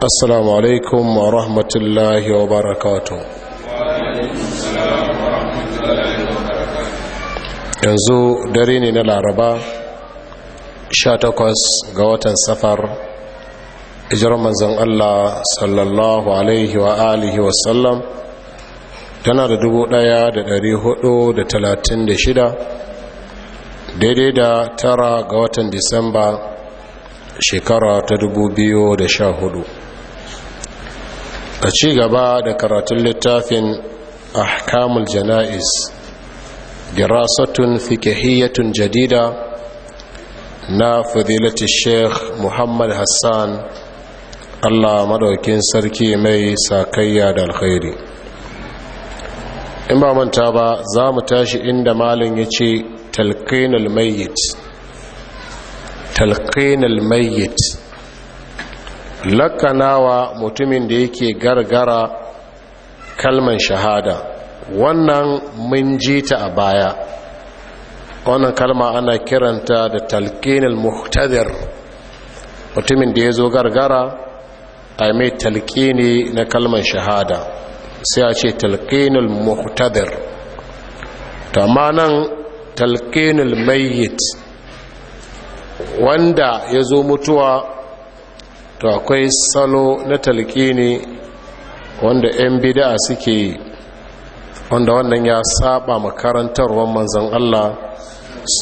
assalamu alaikum wa rahmatullahi wa barakatu yanzu dare ne na laraba sha takwas ga watan safar ijirar manzan allah sallallahu alaihi wa alihi wasallam tana da da talatin shida, daidai da tara ga watan disamba shekara ta dubu biyu da sha 2014 a ci gaba da karatun littafin ahkamul jana'iz girasatun fikihiyatun jadida na fadilati sheikh muhammad hassan allah madaukin sarki mai sakayya da alkhairi in ba manta ba za mu tashi inda malin ya ce talqinul mayyit talqinul mayyit Lakkanawa mutumin da yake gargara kalman shahada wannan mun ji ta a baya wannan kalma ana kiranta da talqinul muhtadir mutumin da yazo gargara a mai talqini na kalman shahada sai a ce talqinul muhtadir to amma nan talqinul mayyit wanda ya zo mutuwa to akwai salo na ne wanda 'yan bid'a suke yi wanda wannan ya saba makarantarwar manzon Allah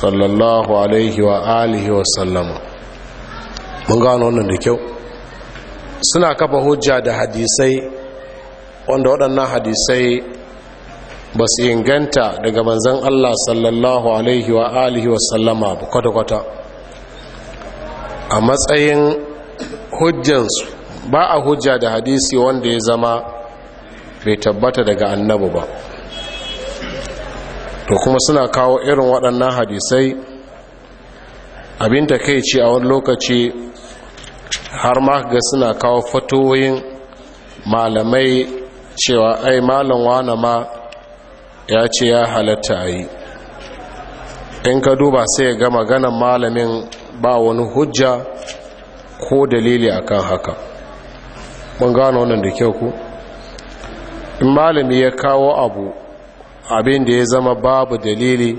sallallahu alaihi wa alihi wa sallama mun gano wannan da kyau suna kafa hujja da hadisai wanda waɗannan hadisai ba su inganta daga manzan Allah sallallahu alaihi wa alihi wa sallama ba kwata-kwata a matsayin hujjansu ba a hujja da hadisi wanda ya zama bai tabbata daga annabu ba to kuma suna kawo irin waɗannan hadisai abin da kai ce a wani lokaci har ma ga suna kawo fatoyin malamai cewa ai malam wane ma ya ce ya halatta a yi in ka duba sai ga maganan malamin ba wani hujja ko dalili akan haka mun gano wannan da kyau ku in malami ya kawo abu abin da ya zama babu dalili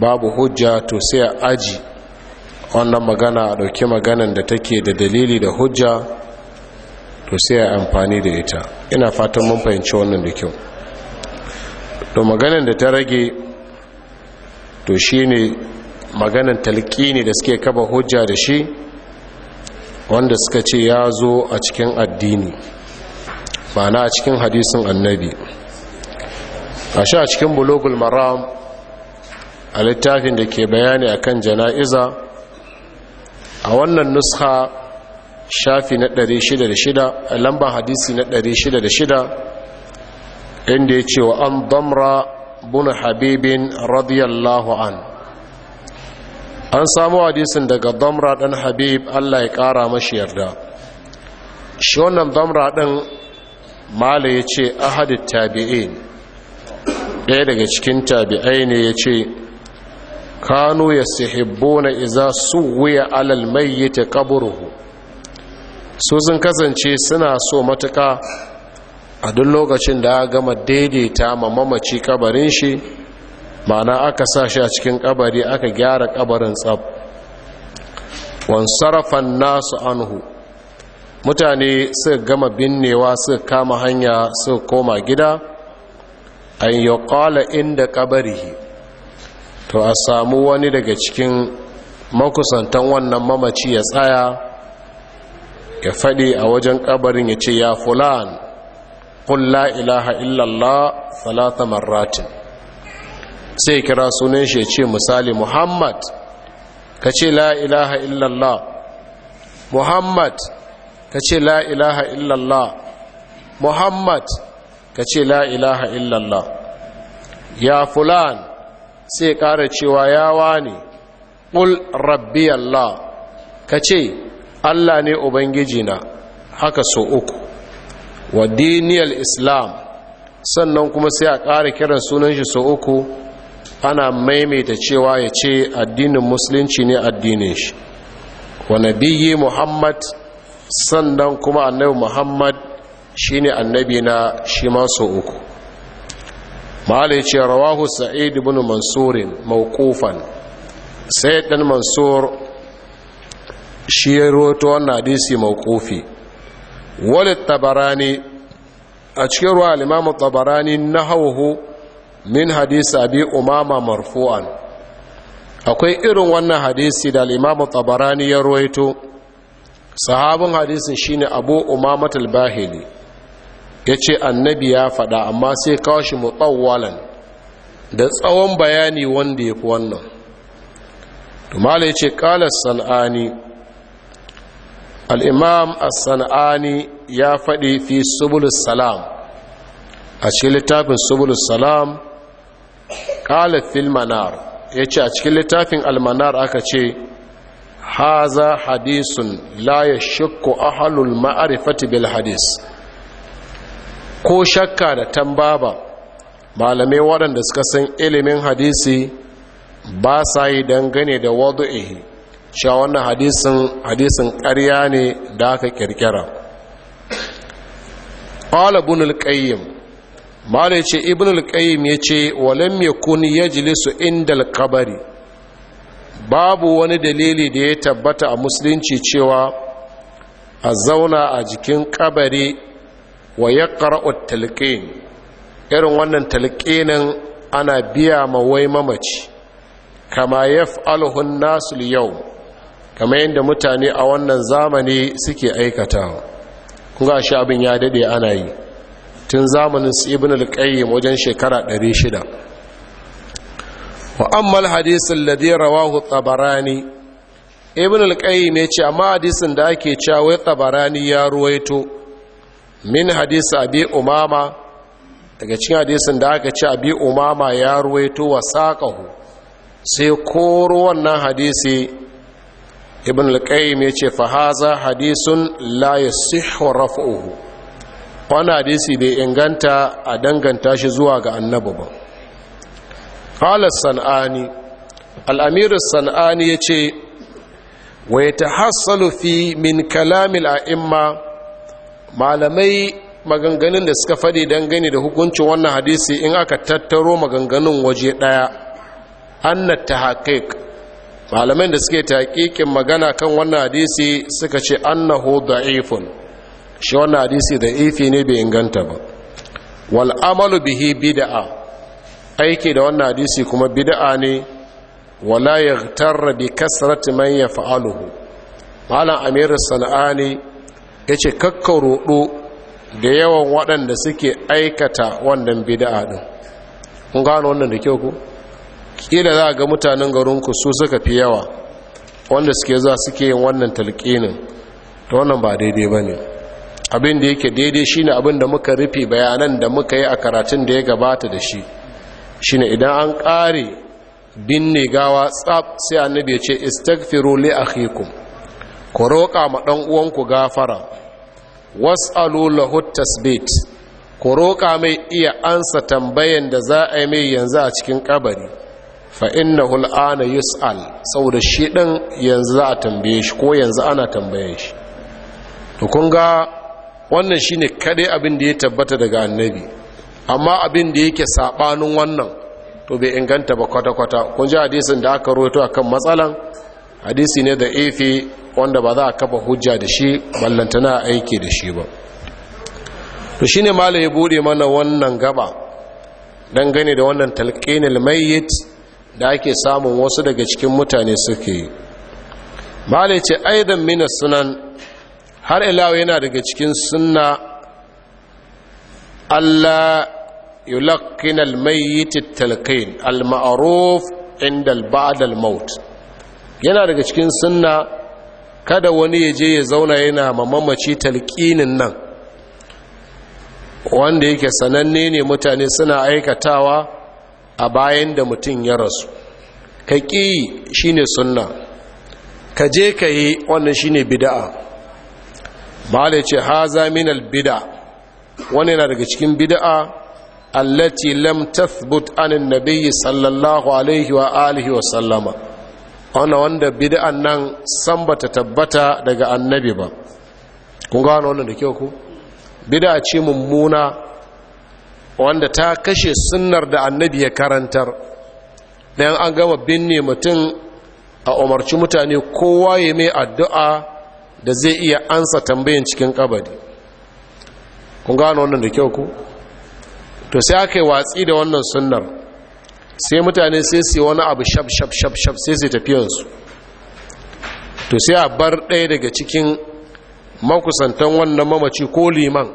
babu hujja to sai a aji wannan magana a ɗauki maganan da take da dalili da hujja to sai a amfani da ita ina fatan mun fahimci wannan da kyau to maganan da ta rage to shine maganan ne da suke kaba hujja da shi wanda suka ce ya zo a cikin addini ma'ana a cikin hadisin annabi a sha cikin bulogul maram a littafin da ke bayani akan jana'iza a wannan nuska shafi na 666 a lambar hadisi na 666 inda ya ce wa an damra buna habibin radiyallahu an an samu hadisin daga damra ɗan habib allah ya ƙara mashi yarda shi wannan damra ɗan mala ya ce ahadit tabi'in ɗaya daga cikin tabi'ai ne ya ce kanu ya na iza su wuya alal mai ta kaburuhu su sun kasance suna so matuka a duk lokacin da gama daidaita ma mamaci kabarin shi ma'ana aka sa shi a cikin kabari aka gyara kabarin tsab wansarafan nasu anhu mutane suka gama binnewa suka kama hanya suka koma gida an yi ƙwala inda ƙabari. to a samu wani daga cikin makusantan wannan mamaci ya tsaya ya faɗi a wajen kabarin ya ce ya fulan la ilaha illallah salata marratin sai kira sunan shi ce misali muhammad ka ce la ilaha illallah muhammad ka ce la ilaha illallah muhammad ka ce la ilaha illallah ya fulan sai ƙara cewa yawa ne ƙul rabbi allah ka ce allah ne ubangijina haka so uku wa diniyar islam sannan kuma sai a ƙara kiran sunan shi so uku ana maimaita cewa ya ce addinin musulunci ne addinin shi wa nabiyyi muhammad sannan kuma annabi muhammad shine annabi na shi masu uku ya ce rawahu sa'id ibn mansurin mawqufan sai dan mansur shi ya roto wannan hadisi mawqufi walid tabarani a cikin ruwa al-imam tabarani nahawhu min hadisi abi umama marfu'an akwai irin wannan hadisi da al-imamu tabarani ya ruwaito sahabin hadisin shine abu umama talbahili Ya ce annabi ya faɗa amma sai kawo shi mutawwalan da tsawon bayani wanda ya fi wannan tumala ya ce ƙalar san'ani al'imam san'ani ya faɗi fi subulus salam a cikin littafin subulus salam qala fil manar yace a cikin littafin almanar aka ce haza hadisun la yashku ahlul ma'rifati bil hadis ko shakka da tambaba malamai waɗanda suka san ilimin hadisi ba sa yi dangane da wadu'ihi cewa wannan hadisin hadisin ƙarya ne da aka ƙirƙira. qala ibn al mala ce ibn al-qayyim ya ce walam yakun yajlisu inda al babu wani dalili da ya tabbata a musulunci cewa a zauna a jikin kabari wa ya ƙara'ut irin wannan talqinin ana biya ma wai mamaci kama ya alhun nasu yau kama yadda mutane a wannan zamani suke aikata, kuma shi abin ya daɗe ana yi tun zamanin su ibn al-qayyim wajen shekara 600 wa amma al-hadith alladhi rawahu tabarani ibn al-qayyim yace amma hadisin da ake cewa wai tabarani ya ruwaito min hadith abi umama daga cikin hadisin da aka ce abi umama ya ruwaito wa saqahu sai koro wannan hadisi ibn al-qayyim yace fa hadha hadithun la yasihhu raf'uhu wani hadisi bai inganta a danganta shi zuwa ga annabi ba halar san'ani al'amirar san'ani ya ce wa ta hassalufi fi min kalamil a'imma malamai maganganun da suka faɗi dangane da hukuncin wannan hadisi in aka tattaro maganganun waje ɗaya annar ta haƙiƙ malamai da suke taƙiƙin magana kan wannan hadisi suka ce annahu da'ifun shi wannan hadisi da ifi ne bai inganta ba wal amalu bihi bid'a aiki da wannan hadisi kuma bid'a ne wala yaghtar bi kasrati man yaf'aluhu malam amir sanani yace do da yawan waɗanda suke aikata wannan bid'a din kun gano wannan da kyau ko kila za ga mutanen garin ku su suka fi yawa wanda suke za suke yin wannan talqinin to wannan ba daidai bane abin da yake daidai shi ne abin da muka rufe bayanan da muka yi a karatun da ya gabata da shi shine idan an ƙare binne gawa tsab sai annabi ya ce istaghfiru li akhikum ku roƙa ma ɗan uwanku gafara was'alu lahu tasbit ku roƙa mai iya ansa tambayan da za a yi mai yanzu a cikin kabari fa innahu al'ana yus'al saboda shi ɗin yanzu za a tambaye shi ko yanzu ana tambaye shi to wannan shine kadai abin da ya tabbata daga annabi amma abin da yake sabanin wannan to bai inganta ba kwata-kwata kun ji hadisin da aka roto kan matsalan hadisi ne da efe wanda ba za a kafa hujja da shi ballantana aiki da shi ba to shine malam ya buɗe mana wannan gaba don dangane da wannan talqinil mayyit da ake samun wasu daga cikin mutane suke yi mala ya ce aidan minas sunan har ilawa yana daga cikin sunna Allah yulakkin almayyit talqin alma'ruf inda ba'd almaut yana daga cikin sunna kada wani ya je ya zauna yana mamamaci talqinin nan wanda yake sananne ne mutane suna aikatawa a bayan da mutum ya rasu ka ƙi shine sunna ka je ka yi wannan shine bida'a. ba da ce haza min albida wani yana daga cikin bida'a. allati lam tathbut anin nabiyyi sallallahu alaihi wa alihi wa sallama wannan wanda bid'an nan san bata tabbata daga annabi ba kun ga wannan da kyau ku bid'a ce mummuna wanda ta kashe sunnar da annabi ya karantar dan an gama binne mutum a umarci mutane kowa ya mai addu'a da zai iya ansa tambayin cikin kabari kun gano wannan da kyau ku to sai aka yi watsi da wannan sunnar sai mutane sai su wani abu shab shab shab shab sai su tafiyansu to sai a bar ɗaya daga cikin makusantan wannan mamaci ko liman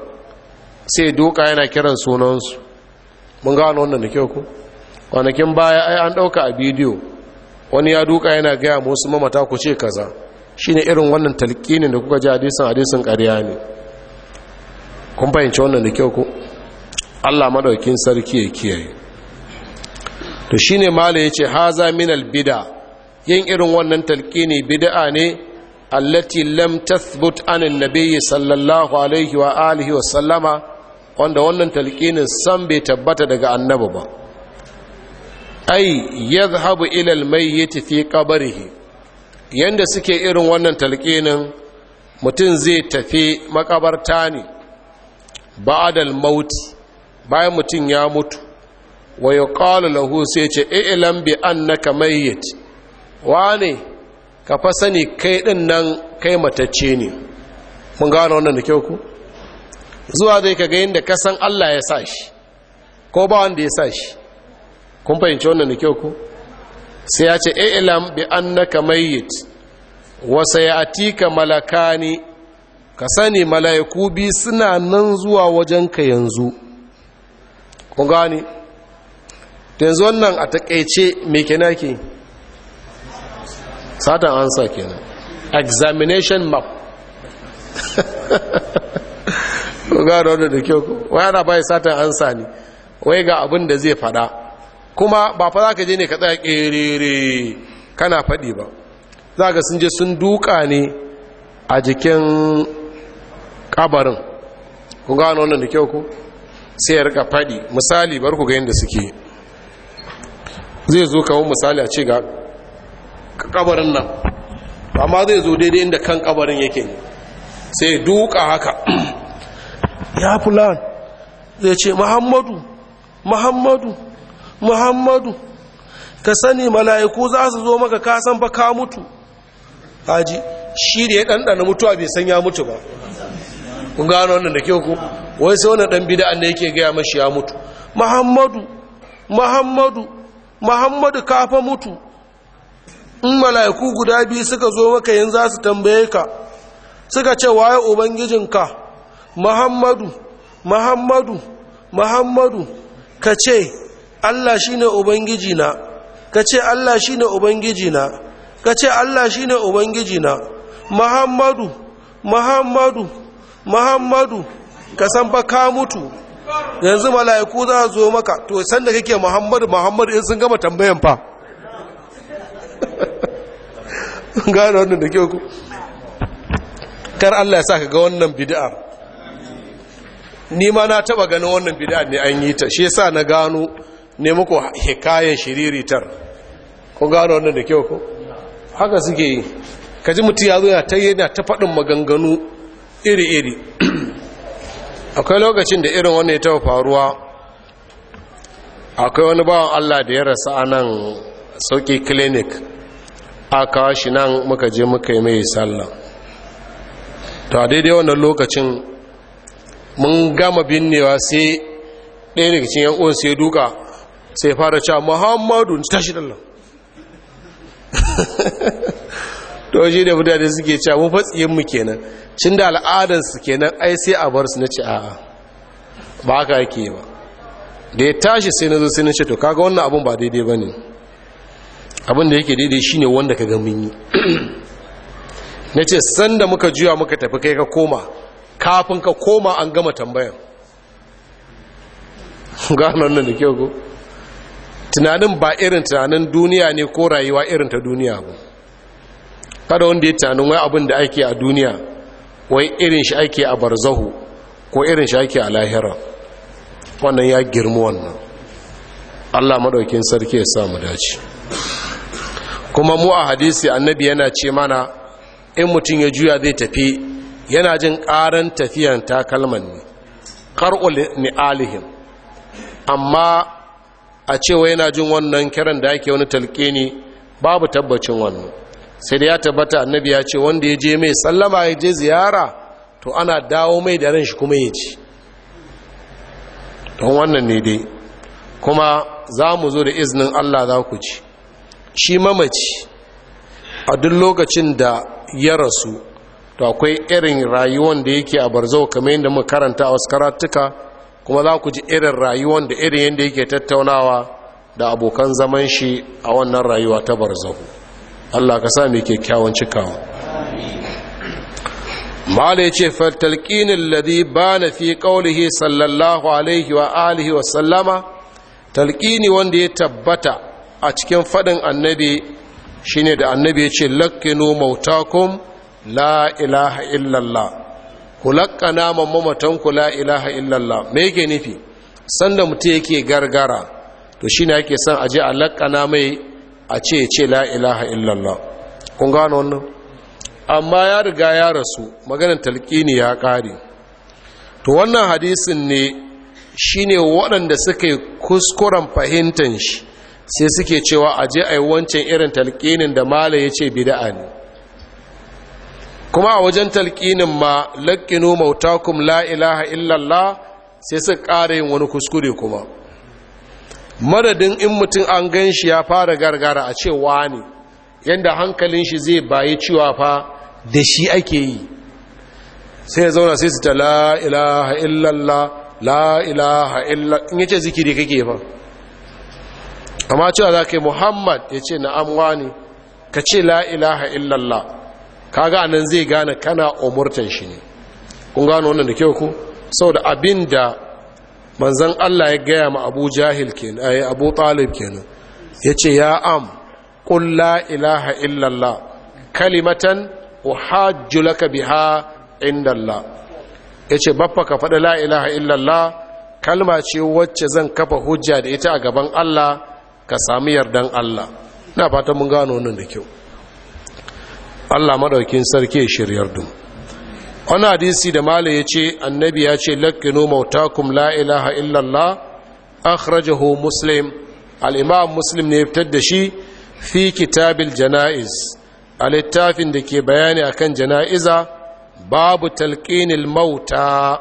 sai doka yana kiran sunansu mun gano wannan da kyau ku kwanakin baya ai an ɗauka a bidiyo wani ya duka yana gaya musu mamata ku ce kaza ne irin wannan talqinin da kuka ji hadisin hadisin ƙarya ne kun fahimci wannan da kyau ko Allah madaukin sarki ya kiyaye to shi ne malai yace haza min bida yin irin wannan talqini bid'a ne allati lam tathbut an nabiyyi sallallahu alaihi wa alihi wa sallama wanda wannan talqinin san bai tabbata daga annabi ba ai yadhhabu ila al-mayyit fi qabrihi yadda suke irin wannan talƙinin mutum zai tafi makabarta ne ba'adal mauti bayan mutum ya mutu wa ya lahu sai ce ilan bi kamayyat wa wane ka fa sani kai din nan kai matacce ne mun gano wannan da kyau ku zuwa zai kaga yadda ka san Allah ya sa shi ko ba wanda ya sa shi kun fahimci wannan da kyau ku sai ya ce ilam bi annaka mayyit wa sayatika malakani ka sani malaiku bi suna nan zuwa wajenka yanzu ku gane yanzu wannan a takaice me kenan ke satan ansa kenan examination map ku gane wanda da kyau ku wai ana bai satan ansa ne wai ga abin da zai fada kuma ba fa za ka je ne ka tsaya ƙerere kana faɗi ba za ka sun je sun duka ne a jikin ƙabarin kun gano wannan da kyau ku sai ya rika faɗi misali bar ku ga yadda suke zai zo kawo misali a ce ga ƙabarin nan amma zai zo daidai inda kan ƙabarin yake sai duka haka ya fulan zai ce muhammadu muhammadu muhammadu ka sani mala'iku za su zo maka kasan ba ka mutu haji shi da ya ɗanɗana mutuwa bai san ya mutu ba kun gano wannan da ke ku wai sai wani ɗan bida'an da yake gaya mashi ya mutu muhammadu muhammadu muhammadu ka mutu in mala'iku guda biyu suka zo maka yanzu za su tambaye ka suka ce waye ubangijinka muhammadu muhammadu muhammadu ka ce Allah shine ubangiji na ce Allah shine ubangiji na ce Allah shine ubangiji na Muhammadu Muhammadu Muhammadu ka san ba ka mutu yanzu mala'iku za a zo maka to san da kake Muhammadu Muhammadu in sun gama tambayan fa gane wannan da kyau ku kar Allah ya sa ka ga wannan bid'a ni ma na taba ganin wannan bid'a ne an yi ta shi ya sa na gano ne muku hikayen shiriritar kun gano wannan da kyau ko haka suke yi kaji mutu ya zo ya ta yana ta faɗin maganganu iri-iri akwai lokacin da irin wani ta faruwa akwai wani bawan allah da ya rasa a anan sauki clinic kawo shi nan muka je muka yi mai sallah to a daidai wannan lokacin mun gama binnewa sai ɗaya daga cikin yan uwan sai duka sai fara cewa muhammadu tashi da nan to shi da mutane suke cewa mun fatsiyin mu kenan cin da al'adansu kenan ai sai a bar su na ci a'a ba ka yake ba da ya tashi sai na zo sai na ce to kaga wannan abun ba daidai ba ne abin da yake daidai shine wanda ka gamin yi na ce sanda muka juya muka tafi kai ka koma kafin ka koma an gama tambayan gano nan da kyau ko tunanin ba irin tunanin duniya ne ko rayuwa irin ta duniya ba kada wanda ya tunanin wai abin da ake a duniya wai irin shi ake a barzahu ko irin shi ake a lahira wannan ya girma wannan allah maɗaukin sarki ya samu dace kuma mu a hadisi annabi yana ce mana in mutum ya juya zai tafi yana jin ƙaran tafiyan takalman ne kar'ul ni alihim amma a cewa yana jin wannan kiran da ake wani talke ne babu tabbacin wannan sai da ya tabbata annabi ya ce wanda ya je mai sallama ya je ziyara to ana dawo mai da ran shi kuma ya ci don wannan ne dai kuma za mu zo da izinin allah za ku ci shi mamaci a duk lokacin da ya rasu to akwai irin rayuwan da yake a barzau kamar yadda mu karanta a wasu karatuka kuma za ku ji irin rayuwan da irin yadda yake tattaunawa da abokan zaman shi a wannan rayuwa ta barzahu Allah ka sa kyakkyawan cikawa mala ya ce faltalƙinin ladi ba na fi ƙaunihi sallallahu alaihi wa alihi wa sallama talƙini wanda ya tabbata a cikin faɗin annabi shine da annabi ya ce lakkinu mautakum la ilaha illallah kulakka naman mamatan kula ilaha illallah me yake nufi sanda mutum yake gargara to shi ne ake son aje a lakkana mai a ce ce la ilaha illallah kun gano wannan amma ya riga ya rasu maganin talƙini ya ƙare to wannan hadisin ne shine waɗanda suka yi kuskuren fahimtar shi sai suke cewa aje a yi wancan irin talƙinin da malaye ya ce bida'a ne kuma a wajen talƙinin ma laƙinu mautakum la ilaha illallah sai su ƙara yin wani kuskure kuma madadin in mutum an gan shi ya fara gargara a cewa ne yadda hankalin shi zai bayi cewa fa da shi ake yi sai ya zauna sai su ta la ilaha illallah la ilaha illallah in yace zikiri kake fa amma cewa za ka muhammad ya ce na'am wani ka ce la ilaha illallah Ka ga anan zai gane kana umurtan shi ne kun gano wannan da kyau ku saboda abinda manzon Allah ya gaya ma Abu Jahil kenan ay eh, Abu Talib kenan yace ya am qul la ilaha illallah kalimatan uhajju laka biha Allah yace baffa ka faɗi la ilaha illallah kalma ce wacce zan kafa hujja da ita a gaban Allah ka sami yardan Allah ina fatan mun gano wannan da kyau Allah maɗaukin sarki ya shiryar dum wani hadisi da mala ya ce annabi ya ce lakkinu mautakum la ilaha illallah akhrajahu muslim al-imam muslim ne fitar da shi fi kitabil jana'iz a littafin da ke bayani akan jana'iza babu talqinil mauta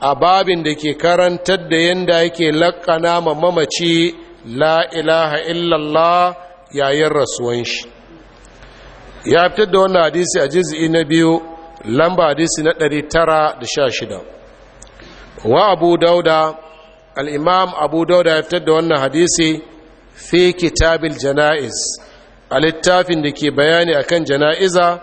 a babin da ke karantar da yanda yake lakkana ma mamaci la ilaha illallah yayin rasuwan shi ya fitar da wannan hadisi a jizi na biyu lamba hadisi na 916 wa abu dauda al-imam abu dauda ya fitar da wannan hadisi fi kitabil janaiz a littafin da ke bayani akan jana'iza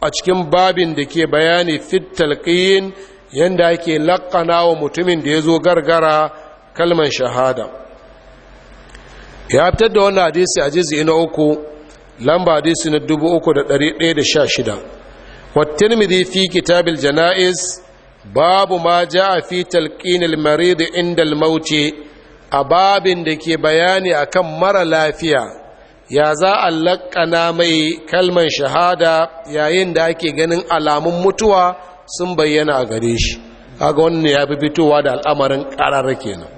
a cikin babin da ke bayani fit talqiyin yadda ake laƙana wa mutumin da ya zo gargara kalman shahada ya fitar da wannan hadisi a jizi na uku lamba hadisi na 3116 wa tirmidhi fi kitabil janaiz babu ma jaa fi talqinil marid inda al a babin da ke bayani a kan mara lafiya ya za a laƙana mai kalman shahada yayin da ake ganin alamun mutuwa sun bayyana a gare shi kaga wannan ya fi fitowa da al'amarin ƙararra kenan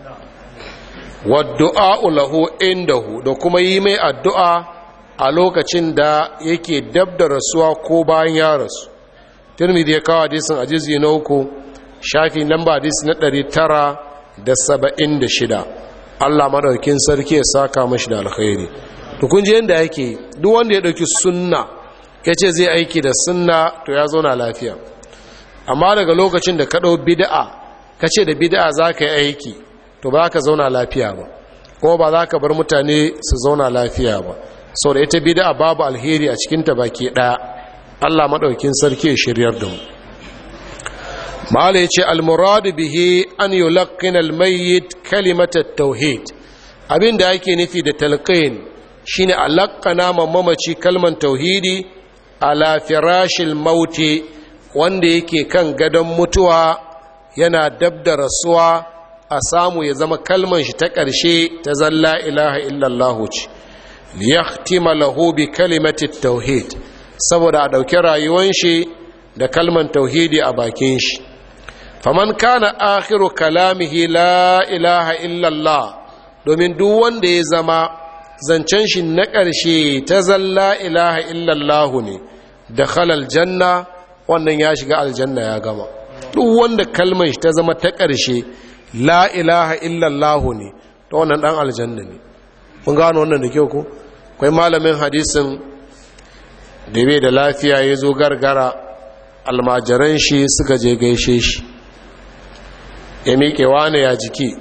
wadda'a ulahu indahu da kuma yi mai addu'a a lokacin da yake dab da rasuwa ko bayan ya rasu tirmidhi ya kawo hadisin a na uku shafi lamba hadisi na ɗari tara da saba'in da shida allah madaukin sarki ya saka mashi da alkhairi to kun ji yadda yake duk wanda ya ɗauki sunna ya ce zai aiki da sunna to ya zauna lafiya amma daga lokacin da ka ɗau bida'a ka ce da bida'a za ka yi aiki to ba ka zauna lafiya ba Ko ba za ka bar mutane su zauna lafiya ba sau da ita bida a babu alheri a cikinta baki ɗaya allah maɗaukin sarki ya shiryar da mu mala ya ce almuradu bihi an yi laƙin almayyid kalimatar tauhid abin da ake nufi da talqin ne a laƙana mamaci kalman tauhidi a lafirashin mauti wanda yake kan gadon mutuwa yana dab da rasuwa a samu ya zama kalmar shi ta ƙarshe ta zalla ilaha illallahu ce liyahtima lahu bi kalimati tauhid saboda a dauki rayuwan shi da kalman tauhidi a bakin shi faman kana akhiru kalamihi la ilaha illallah domin duk wanda ya zama zancen shi na ƙarshe ta zalla ilaha illallah ne da halal janna wannan ya shiga aljanna ya gama duk wanda kalman shi ta zama ta karshe la ilaha illallah ne ta wannan ɗan aljanna ne mun gano wannan da kyau ko akwai malamin hadisin da bai da lafiya ya zo gargara almajiran shi suka je gaishe shi ya miƙe wane ya jiki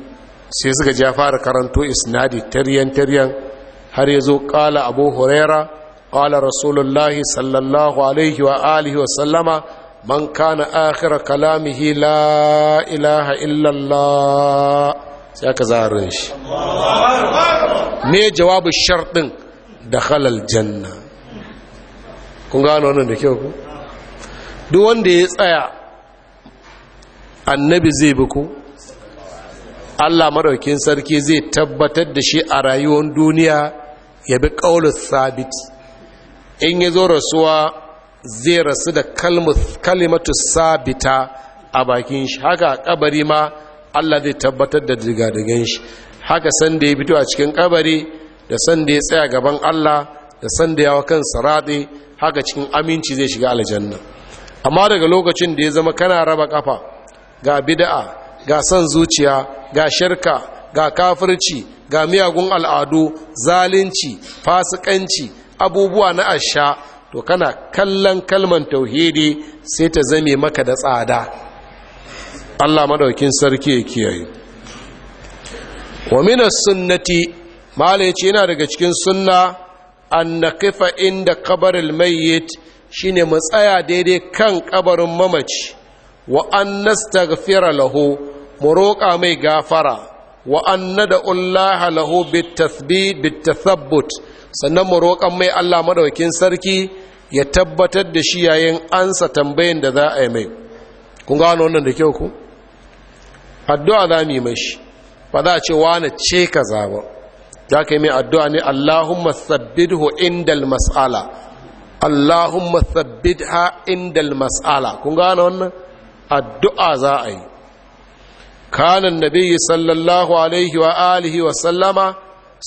sai suka ja fara karanto isnadi taryan-taryan har ya zo ƙala abu huraira ƙala rasulullahi sallallahu alaihi wa alihi wa sallama man kana akira kalamihi la ilaha illallah sai aka zaharin shi ne jawabin sharɗin da halal janna kun gano wannan da kyau ku duk wanda ya tsaya annabi zai bi ku allah maraukin sarki zai tabbatar da shi a rayuwar duniya ya bi ƙaunar Sabit. in ya zo rasuwa zai rasu da kalimatu sabita a bakin shi haka a kabari ma allah zai tabbatar da digadigan shi haka sanda ya fito a cikin kabari da san da ya tsaya gaban Allah da san da yawa kan raɗe haka cikin aminci zai shiga aljanna amma daga lokacin da ya zama kana raba kafa ga bida'a, ga san zuciya ga shirka ga kafirci ga miyagun al'adu zalunci fasikanci abubuwa na asha to kana kallon kalman tauhidi sai ta zame maka da tsada Allah madaukin sarki ya kiyaye wa minas sunnati malai ya ce yana daga cikin sunna an na kifa inda kabarin mayyit shi ne tsaya daidai kan kabarin mamaci wa an nastaghfira lahu mu roƙa mai gafara wa an Ullaha lahu bitathabbut sannan mu mai Allah madaukin sarki ya tabbatar da shi yayin ansa tambayin da za a yi mai kun gano wannan da kyau ku addu'a za mu yi mashi ba za a ce wane ce ka ba za ka yi mai addu'a ne Allahumma sabbidhu indal mas'ala Allahumma ha indal mas'ala kun gane wannan addu'a za a yi kanan nabi sallallahu alaihi wa alihi wa sallama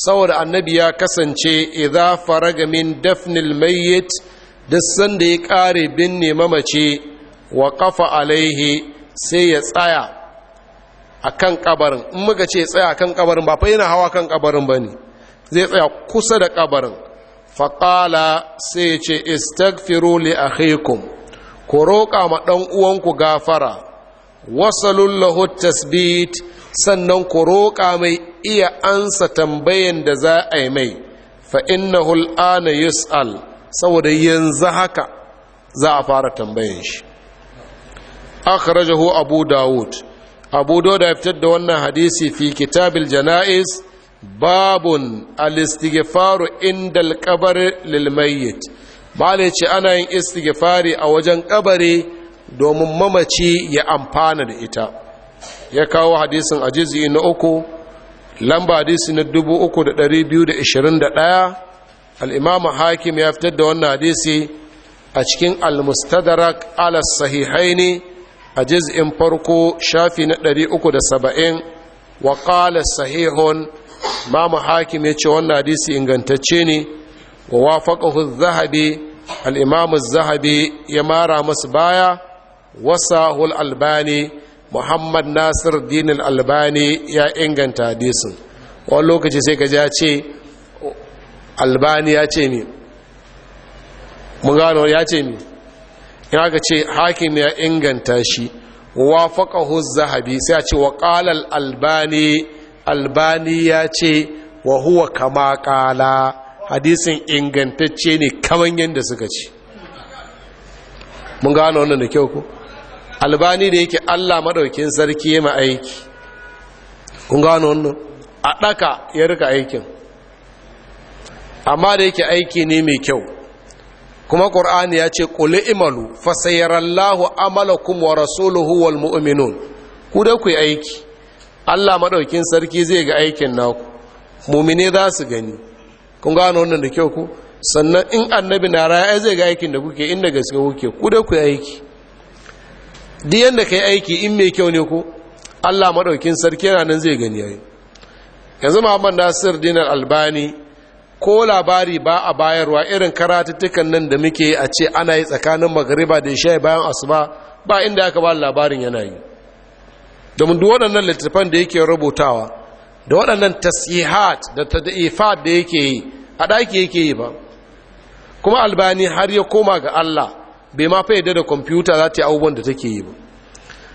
saboda annabi ya kasance idza faraga min dafnil mayyit duk sanda ya kare binne mamace wa kafa alaihi sai ya tsaya a kan kabarin in muka ce tsaya kan kabarin ba fa yana hawa kan kabarin ba ne zai tsaya kusa da kabarin faƙala sai ce istagfiru li haikun ku roƙa ma ɗan uwanku gafara wasalun lahu tasbit sannan ku roƙa mai iya ansa tambayin da za a yi mai fa Hul'ana al'ana yus'al saboda yanzu haka za a fara tambayin shi akhrajahu abu dawud abu dauda ya fitar da wannan hadisi fi kitabil jana'is babun alistighfaru inda alkabar lilmayyit malai ce ana yin istighfari a wajen kabari domin mamaci ya amfana da ita ya kawo hadisin ajizi na uku lamba hadisi na 3221 al'imamu hakim ya fitar da wannan hadisi a cikin al-mustadrak sahihai ne. a jiz'in farko shafi na ɗari 370 wa qala sahihun mu hakim ya ce wannan hadisi ingantacce ne wa wafaqahu zahabi al zahabi ya mara masu baya wasahul albani muhammad nasir dinin albani ya inganta hadisin wani lokaci sai ka ya ce albani ya ce ne mun gano ya ce ne ina ga ce hakim ya inganta shi wa faƙahu zahabi sai a ce wa ƙalal albani albani ya ce wa huwa kama ƙala hadisin ingantacce ne kaman yadda suka ce mun gano wannan da kyau ko albani da yake allah maɗaukin sarki ya aiki kun gano wannan a ɗaka ya rika aikin amma da yake aiki ne mai kyau kuma ƙur'ani ya ce ƙuli imalu fasayarallahu amalakum wa rasuluhu wal mu'minun ku da ku aiki allah maɗaukin sarki zai ga aikin naku mumine za su gani kun gano wannan da kyau ku sannan in annabi na raya zai ga aikin da kuke inda gaske kuke ku da ku aiki duk yadda ka yi aiki in mai kyau ne ku allah maɗaukin sarki yana nan zai gani yayi yanzu muhammad nasir dinar albani ko labari ba a bayarwa irin karatuttukan nan da muke a ce ana yi tsakanin magariba da isha bayan asuba ba inda aka ba labarin yana yi domin duk waɗannan littattafan da yake rubutawa da waɗannan tasihat da tadifat da yake yi a ɗaki yake yi ba kuma albani har ya koma ga Allah bai ma fayyada da kwamfuta za ta yi abubuwan da take yi ba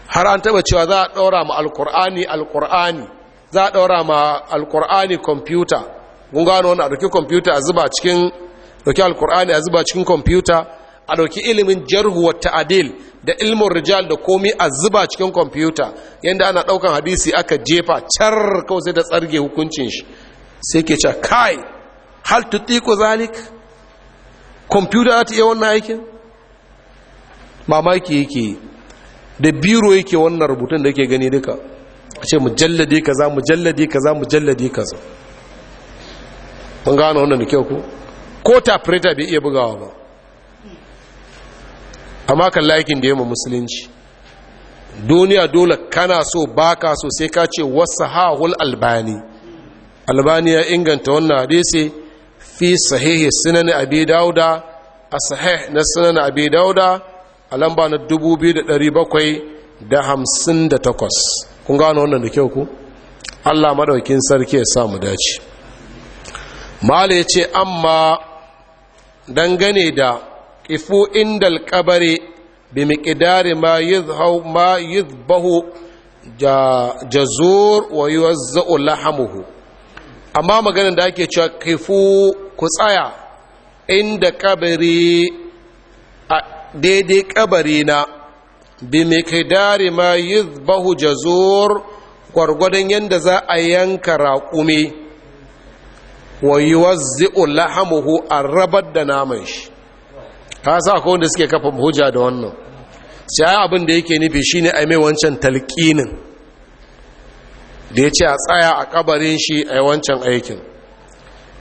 har an taɓa cewa za a ɗaura ma alƙur'ani alƙur'ani za a ɗaura ma alƙur'ani kwamfuta kun gano wani a ɗauki kwamfuta a zuba cikin ɗauki alkur'ani a zuba cikin kwamfuta a ɗauki ilimin jarhu wa ta'adil da ilmin rijal da komi a zuba cikin kwamfuta yadda ana ɗaukan hadisi aka jefa car kawai sai da tsarge hukuncin shi sai ke cewa kai hal tutiku zalik kwamfuta za ta iya wannan aikin mamaki yake da biro yake wannan rubutun da yake gani duka a ce mujallade ka mujallade kaza mujallade za Kun gano wannan da kyau ko ko tafireta bai iya bugawa ba amma kan laikin da yamma musulunci duniya dole kana so baka so sai ka ce wasu hahul albani albani ya inganta wannan hadisi fi sahihi sunan abi dauda a sahih na sunan abi dauda a lamba na 2758 kun gano wannan da kyau ku allah madaukin sarki ya samu dace mala ya ce amma dangane da ifu indal kabari bi miƙidari ma yuzhau ma yuzbahu jazur wa yuwazza'u lahamuhu amma maganin da ake cewa kifu ku tsaya inda kabari a daidai kabari na bi miƙidari ma yuzbahu jazur gwargwadon yadda za a yanka raƙumi wa yuwazzi'u lahamuhu a rabar da naman shi ka sa ko wanda suke kafa hujja da wannan sai abin da yake nufi shine ne mai wancan talqinin da ya ce a tsaya a kabarin shi a yi wancan aikin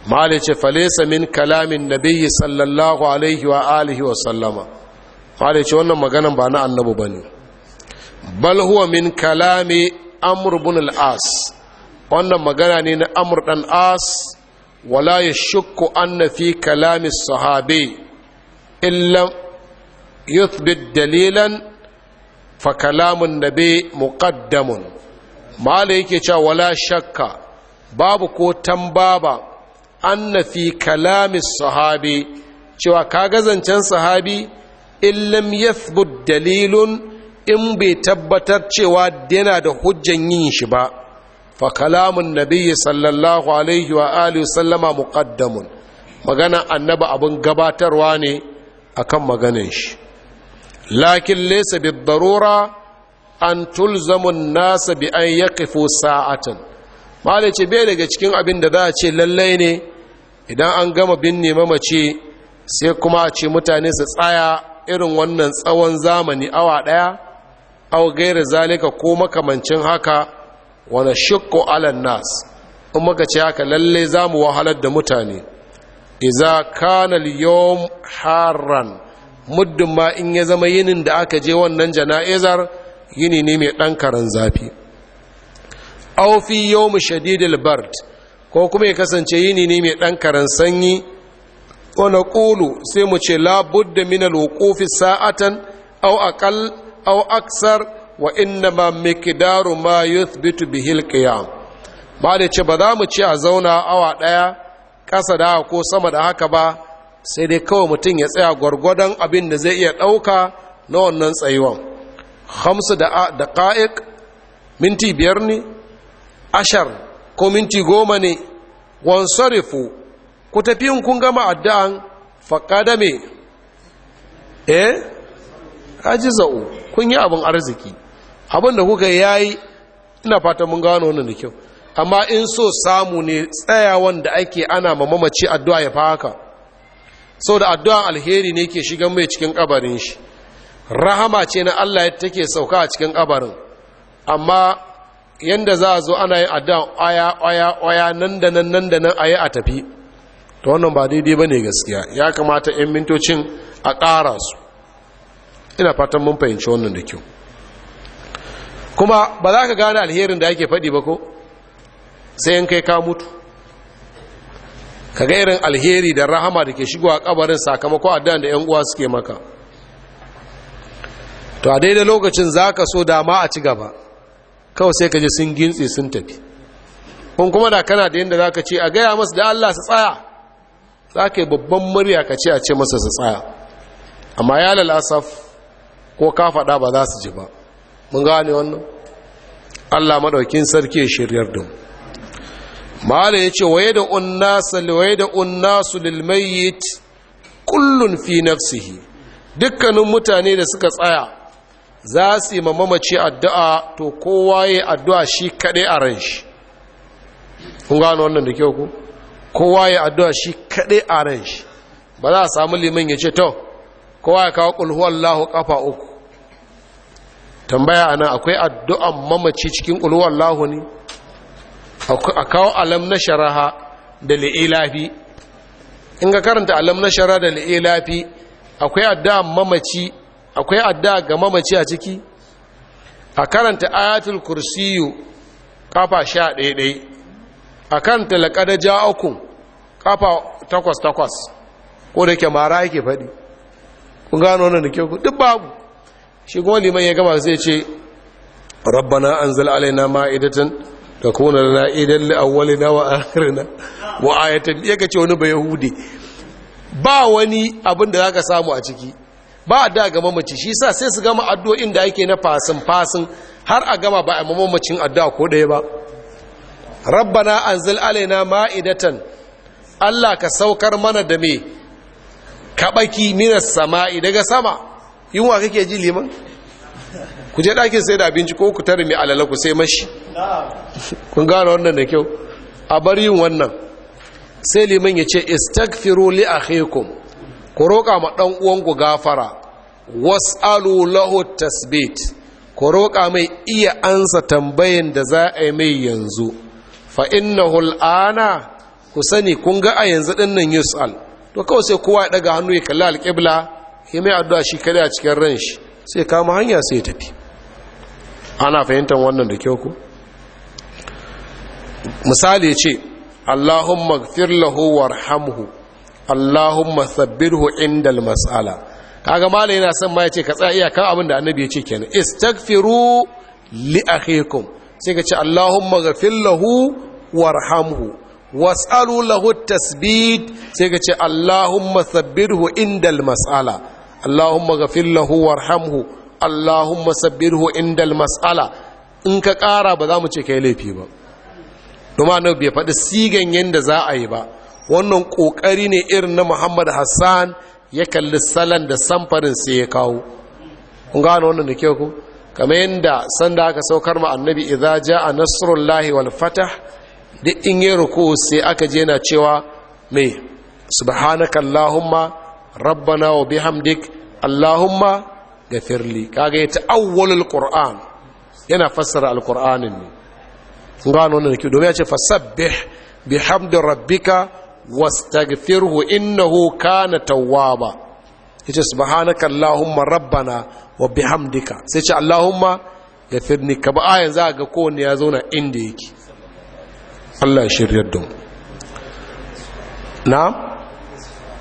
malice falesa min kalamin nabiyyi sallallahu alaihi wa alihi wa sallama malice wannan maganan ba na annabi ne bal huwa min kalami amr ibn as wannan magana ne na amr dan as wala ya shukku anna fi kalami sahabi illam yuthbit dalilan fa kalamun nabi muƙaddamun. mala yake cewa wala shakka babu ko tambaba anna fi kalami sahabi cewa kaga zancen sahabi illam yathbut dalilun in bai tabbatar cewa yana da hujjan yin shi ba fa kalamun nabiyyi sallallahu alaihi wa alihi sallama muqaddamun magana annabi abin gabatarwa ne akan maganan shi lakin laysa bid an tulzamu nasa bi an yaqifu sa'atan malai ce bai daga cikin abin da za a ce lallai ne idan an gama binne mamace sai kuma a ce mutane su tsaya irin wannan tsawon zamani awa ɗaya au gaira zalika ko makamancin haka wane shakko alan nas in muka ce haka lalle za mu wahalar da mutane iza kanal yawm harran muddin ma in ya zama yinin da aka je wannan jana'izar yini ne mai ɗan karan zafi aw fi yawm shadidil bard ko kuma ya kasance yini ne mai ɗan karan sanyi wa ƙulu sai mu ce la budda min al sa'atan aw aqal aw aksar wa inna ma miqdaru ma yuthbitu bihil qiyam ba da ce ba za mu ci a zauna awa daya kasa da ko sama da haka ba sai dai kawai mutum ya tsaya gwargwadon abin da zai iya ɗauka na wannan tsayuwan hamsu da daƙa'iq minti biyar ne ashar ko minti goma ne wansarifu ku tafi in kun gama addu'an faƙada me eh ajiza'u kun yi abin arziki abin da kuka yayi ina fata mun gano wannan da kyau amma in so samu ne tsayawan da ake ana ma mamaci addu'a ya fa haka da addu'an alheri ne ke shigan mai cikin kabarin shi rahama ce na Allah ya take sauka a cikin kabarin amma yanda za a zo ana yin addu'a aya aya aya nan da nan nan da nan ayi a tafi to wannan ba daidai ne gaskiya ya kamata 'yan mintocin a ƙara su ina fatan mun fahimci wannan da kyau kuma ba za ka gane alherin da ake faɗi ba ko sai yin kai ka mutu ka ga irin alheri da rahama da ke shigowa kabarin sakamakon addan da 'yan uwa suke maka to a daidai lokacin za ka so dama a ci gaba kawai sai ka ji sun gintse sun tafi kun kuma da kana da yadda za ka ce a gaya masu da allah su tsaya za ka yi babban murya ka ce a ce masa su tsaya amma ya lalasaf ko ka faɗa ba za su ji ba mun gane wannan Allah madaukin sarki ya shiryar da mu mala yace waye da unnasa waye da unnasu lil mayyit kullun fi nafsihi dukkanin mutane da suka tsaya za su yi mamaci addu'a to kowa ya addu'a shi kaɗai a ran shi kun gano wannan da kyau ku kowa ya addu'a shi kaɗai a ran shi ba za a samu liman ya ce to kowa ya kawo ƙulhuwar lahu ƙafa uku tambaya ana akwai addu'an mamaci cikin ƙulwallahu lahuni a kawo alam na sharaha da li'ilafi in ga karanta alam na shara da li'ilafi akwai addu'an mamaci akwai addu'a ga mamaci a ciki a karanta ayatul kursiyu kafa sha ɗaiɗai a karanta laƙada ja'akun kafa takwas-takwas ko da ke mara yake faɗi kun gano wannan da kyau duk babu shi kuma liman ya gama sai ce rabbana anzal alaina ma'idatan takuna lana idan li awwalina wa akhirina wa ayatan yake ce wani bayahudi ba wani abin da zaka samu a ciki ba da ga mamaci shi sa sai su gama addu'o'in da ake na fasin fasin har a gama ba a mamacin addu'a ko ɗaya ba rabbana anzil alaina ma'idatan Allah ka saukar mana da me kabaki minas sama'i daga sama yunwa kake ji liman ku je ɗakin sai da abinci ko ku tare mai alala ku sai mashi kun gano wannan da kyau a bar yin wannan sai liman ya ce istagfiru li akhikum ku roƙa ma ɗan uwanku gafara was'alu lahu tasbit ku roƙa mai iya ansa tambayin da za a yi mai yanzu fa innahu al'ana ku sani kun ga a yanzu ɗin nan Al. to kawai sai kowa ya ɗaga hannu ya kalli alƙibla yi mai addu'a shi kare a cikin ran shi sai kama hanya sai tafi ana fahimtar wannan da kyau ku misali ce allahumma firlahu warhamhu allahumma sabbirhu indal mas'ala kaga mala yana son ma ya ce ka tsaya iyakan abin da annabi ya ce kenan istaghfiru li akhikum sai ka ce allahumma warhamhu was'alu lahu tasbid sai ka ce allahumma sabbirhu indal mas'ala Allahumma ghafir lahu hamhu. Allahumma sabbirhu indal mas'ala in ka kara ba za mu ce kai laifi ba domin annabi bai faɗi sigan yadda za a yi ba wannan ƙoƙari ne irin na Muhammad Hassan ya kalli salan da samfarin sai ya kawo kun gano wannan da kyau ku kamar yadda sanda aka saukar ma annabi idza nasrun nasrullahi wal fatah duk in yi ruku sai aka je na cewa mai subhanakallahumma rabbana wa bihamdik allahumma gafirli kaga yace awwalul qur'an yana fassara alqur'anin ne kun gano wannan ke domin ya ce fasabbih bihamdi rabbika wastaghfirhu innahu kana tawwaba yace subhanaka allahumma rabbana wa bihamdika sai ce allahumma gafirni ka ba ayan za ga kowanne ya zauna inda yake Allah ya shiryar da mu na'am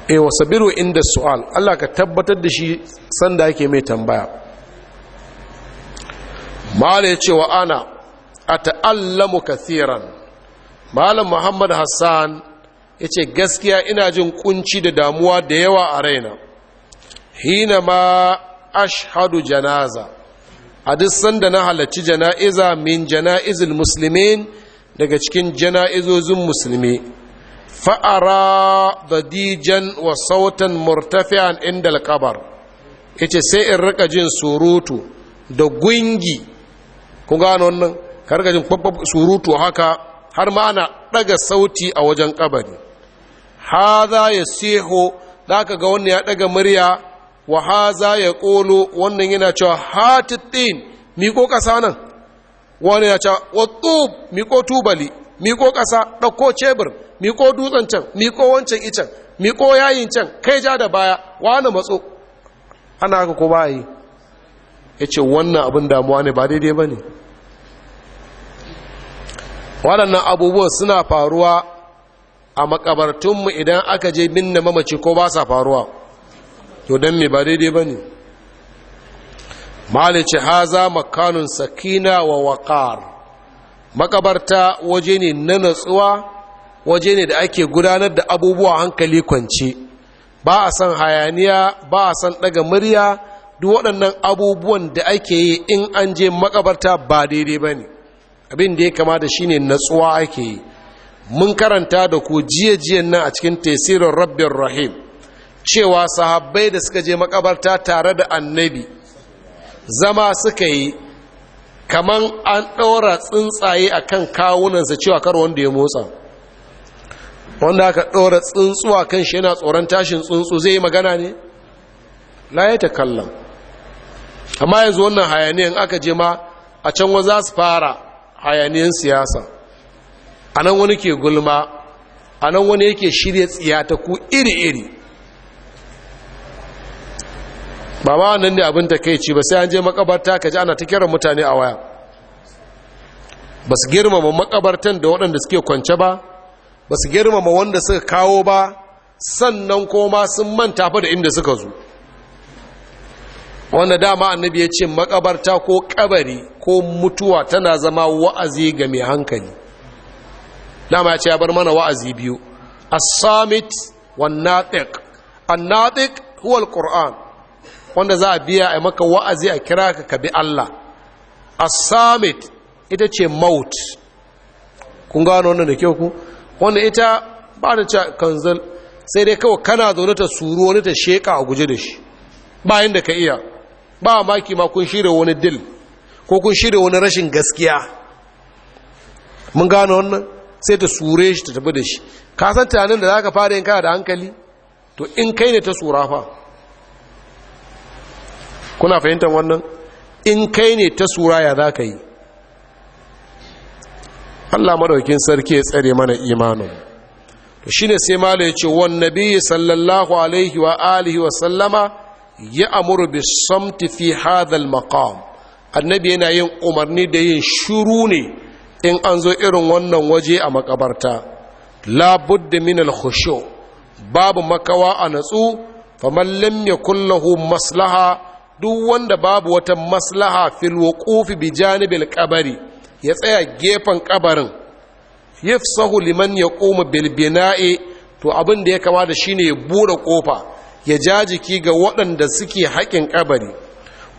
E wa sabiru inda su'al Allah ka tabbatar da shi sanda yake mai tambaya mala ce wa ana ata'allamu kathiran malam muhammad hassan yace gaskiya ina jin kunci da damuwa da yawa a raina hina ma ashhadu janaza a duk sanda na halarci jana'iza min jana'izil musulmi daga cikin jana'izozin musulmi fa'ara dadijan wa sautan murtafi'an inda alkabar yace sai in rika jin surutu da gungi ku gano wannan ka rika jin surutu haka har ma ana daga sauti a wajen kabari haza ya siho da ga wannan ya daga murya wa haza ya kolo wannan yana cewa hatitin miko kasa nan wani ya cewa wa tub miko tubali miko kasa ɗauko cebur miko dutsen can miko wancan icen miko yayin can kai ja da baya wani matso ana haka ko bayi yi ya ce wannan abin damuwa ne ba daidai ba ne waɗannan abubuwan suna faruwa a makabartunmu idan aka je binne mamaci ko ba sa faruwa to don me ba daidai ba ne malice haza makanun sakina wa waƙar makabarta waje ne na natsuwa waje ne da ake gudanar da abubuwa hankali kwance ba a san hayaniya ba a san daga murya duk waɗannan abubuwan da ake yi in an je makabarta ba daidai ba ne abin da ya kama da shi ne natsuwa ake yi mun karanta da ku jiye-jiyen nan a cikin tesirin rabbin rahim cewa sahabbai da suka je makabarta tare da annabi zama suka yi kamar an ɗaura tsuntsaye a kan kawunansa cewa kar wanda ya motsa wanda aka ɗora tsuntsuwa kan shi yana tsoron tashin tsuntsu zai yi magana ne la ya ta kallon amma yanzu wannan hayaniyan aka je ma a can wa za su fara hayaniyan siyasa a nan wani ke gulma a nan wani yake shirya tsiyata ku iri-iri ba ba wannan ne abin ta kai ci ba sai an je makabarta ka ji ana ta kiran mutane a waya ba su girmama makabartan da waɗanda suke kwance ba ba su girmama wanda suka kawo ba sannan koma sun manta fa da inda suka zo wanda dama annabi ya ce makabarta ko kabari ko mutuwa tana zama wa'azi ga mai hankali dama ya ce ya bar mana wa'azi biyu as-samit wan natiq an-natiq huwa al-qur'an wanda za a biya a maka wa'azi a kira ka ka bi Allah as-samit ita ce maut kun gano wannan da kyau ku wanda ita ba da cewa kanzal sai dai kawai kana zaune ta suru wani ta sheƙa a guje da shi bayan da ka iya ba maki ma kun shirya wani dil ko kun shirya wani rashin gaskiya mun gano wannan sai ta sure shi ta tafi da shi ka san tunanin da za ka fara yin kana da hankali to in kai ne ta sura fa kuna fahimtar wannan in kai ne ta sura ya za ka yi Allah madaukin sarki ya tsare mana imanin to shine sai mala ya ce wan nabi sallallahu alaihi wa alihi wa sallama ya amuru bis samti fi hadha al maqam annabi yana yin umarni da yin shuru ne in an zo irin wannan waje a makabarta la budda min al khushu babu makawa a natsu faman lam yakul lahu maslaha duk wanda babu wata maslaha fil wuqufi bi janibil qabri ya tsaya gefen kabarin sahu liman ya koma bilbina'i to abin da ya kama da shine ya bude kofa ya jajiki ga waɗanda suke haƙin kabari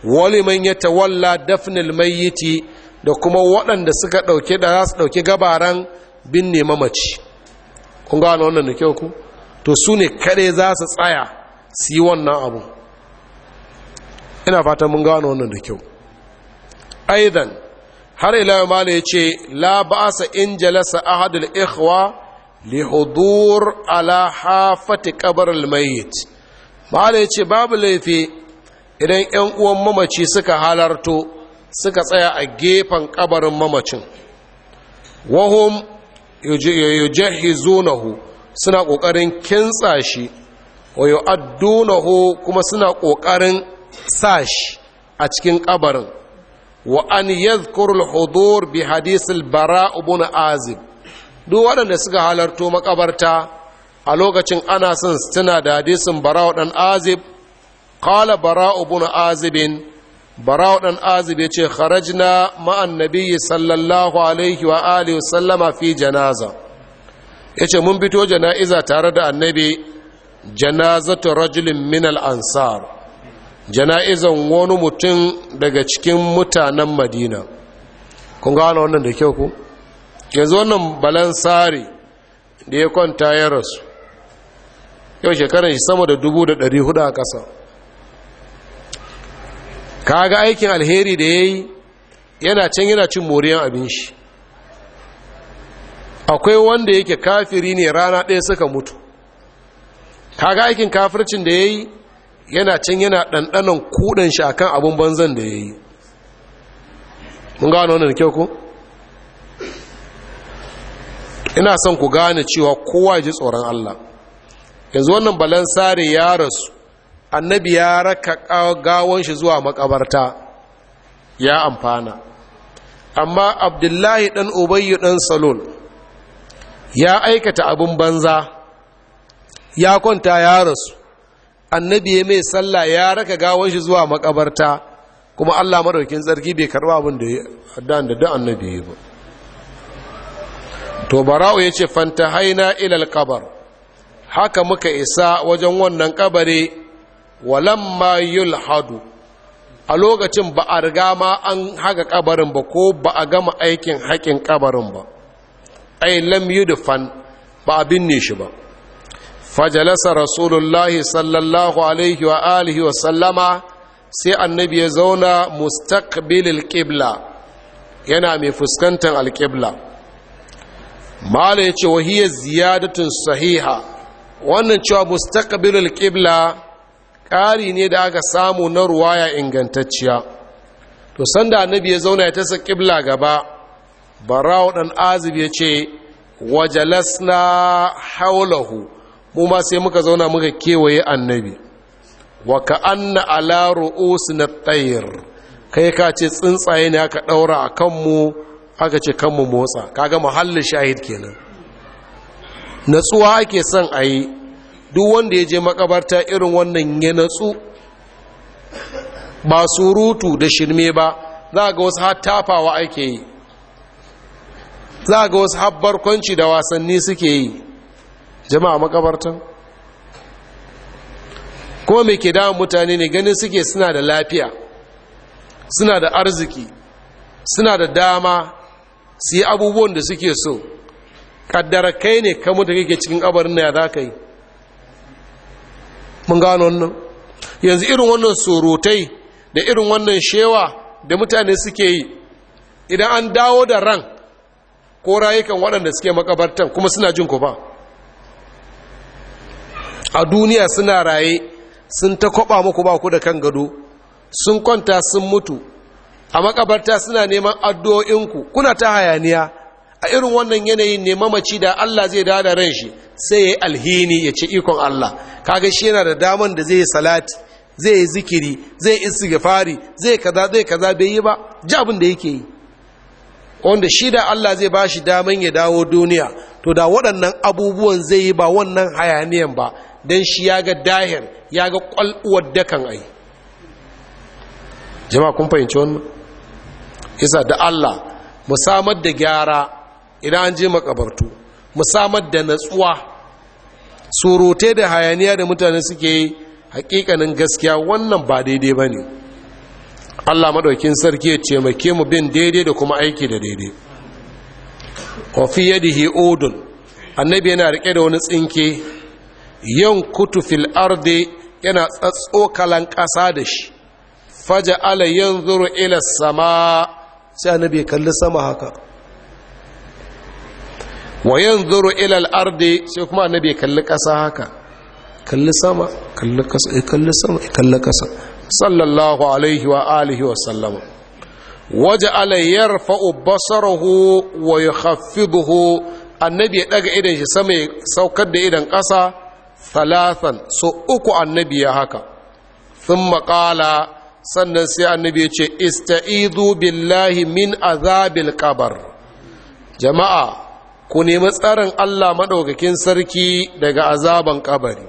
waliman ya tawalla dafnil mayyiti da kuma waɗanda suka ɗauke da za su ɗauki gabaran binne mamaci kun gano wannan da kyau ku to su ne kare za su tsaya su yi wannan abu ina fata mun gano wannan da kyau aidan har ila mala ya ce la sa in jalasa ahadul ikhwa li hudur ala hafati qabr al mayyit mala ya ce babu laifi idan yan uwan mamaci suka halarto suka tsaya a gefen kabarin mamacin wahum yujahizunahu suna kokarin kintsashi, shi wa yu'addunahu kuma suna kokarin sashi a cikin kabarin wa an yadhkuru al-hudur bi hadith al azib duk waɗanda suka halarto maƙabarta, a lokacin ana son tana da hadisin bara ɗan azib Kala bara ibn azib bara dan azib yace kharajna ma'an nabiyyi sallallahu alaihi wa alihi wa sallama fi janaza yace mun fito jana'iza tare da annabi janazatu rajulin min al-ansar jana'izan wani mutum daga cikin mutanen madina kun gano wannan da kyau ku yanzu wannan balan tsari da ya kwanta ya rasu yau shekarar shi sama da dubu da dari hudu a ƙasa kaga aikin alheri da ya yi yana can yana cin moriyan abin shi akwai wanda yake kafiri ne rana ɗaya suka mutu Ka ga aikin kafircin da ya yi yana can yana ɗanɗanon kuɗin shi kan abin banzan da ya yi mun gano da kyau ku? ina son ku gane cewa kowa ji tsoron Allah yanzu wannan balansare ya rasu annabi ya raka gawon shi zuwa makabarta ya amfana amma abdullahi ɗan ubayyu ɗan Salon ya aikata abin banza ya kwanta ya rasu annabi ya mai sallah ya raka gawon shi zuwa makabarta kuma Allah maraukin tsarki bai karba abin da ya da da annabi ya ba to bara'u fanta haina ilal kabar haka muka isa wajen wannan ma walamma yulhadu a lokacin ba a riga ma an haka kabarin ba ko ba a gama aikin haƙin kabarin ba ai lam yudfan ba a binne shi ba fajalasa rasulullahi sallallahu alaihi wa alihi wa sallama sai annabi ya zauna mustaqbilil qibla yana mai fuskantar alqibla mala yace wa hiya ziyadatun sahiha wannan cewa mustaqbilil qibla ƙari ne da aka samu na ruwaya ingantacciya to sanda annabi ya zauna ya tasa qibla gaba bara'u dan azib yace wajalasna haulahu mu ma sai muka zauna muka kewaye annabi wa ka anna ala na tayr kai ka ce tsuntsaye ne aka ɗaura a kanmu aka ce kanmu motsa kaga muhallin shahid kenan natsuwa ake son a yi duk wanda ya je makabarta irin wannan ya natsu ba surutu da shirme ba za ga wasu tafawa ake yi za ga wasu habbar kwanci da wasanni suke yi jama'a makabartan ko mai ke damun mutane ne ganin suke suna da lafiya suna da arziki suna da dama su yi abubuwan da suke so kaddara kai ne kamu da kake cikin abarin na ya za ka yi mun gano wannan yanzu irin wannan surutai da irin wannan shewa da mutane suke yi idan an dawo da ran ko rayukan waɗanda suke makabartan kuma suna jin ku a duniya suna raye sun ta kwaba muku ba ku da kan gado sun kwanta sun mutu a makabarta suna neman addu'o'inku kuna ta hayaniya a irin wannan yanayin ne mamaci da Allah zai dawo ran shi sai ya yi alhini ya ce ikon Allah kaga shi yana da daman da zai yi salati zai yi zikiri zai istighfari zai kaza zai kaza bai yi ba ji abin da yake yi wanda shi da Allah zai ba shi daman ya dawo duniya to da waɗannan abubuwan zai yi ba wannan hayaniyan ba don shi ya ga dahir ya ga kwalwar dakan ai jama'a kun fahimci wannan isa da allah mu samar da gyara idan an je makabartu mu da natsuwa surute da hayaniya da mutane suke yi hakikanin gaskiya wannan ba daidai ba ne allah maɗaukin sarki ya ce mu bin daidai da kuma aiki da daidai kofi yadihi odun annabi yana rike da wani tsinke yan kutu fil arde yana tsatsokalan ƙasa da shi faja ala yan zuru ila sama sai na bai kalli sama haka wa yan zuru ila al'arde sai kuma na bai kalli ƙasa haka kalli sama kalli ƙasa ya kalli sama ya kalli ƙasa sallallahu alaihi wa alihi wa sallama waje ala yarfa'u basarahu wa yukhaffiduhu annabi ya daga idan shi sama ya saukar da idan ƙasa thalathan so uku annabi ya haka sun maƙala sannan sai annabi ya ce ista'izu billahi min azabil kabar jama'a ku nemi tsarin allah maɗaukakin sarki daga azaban kabari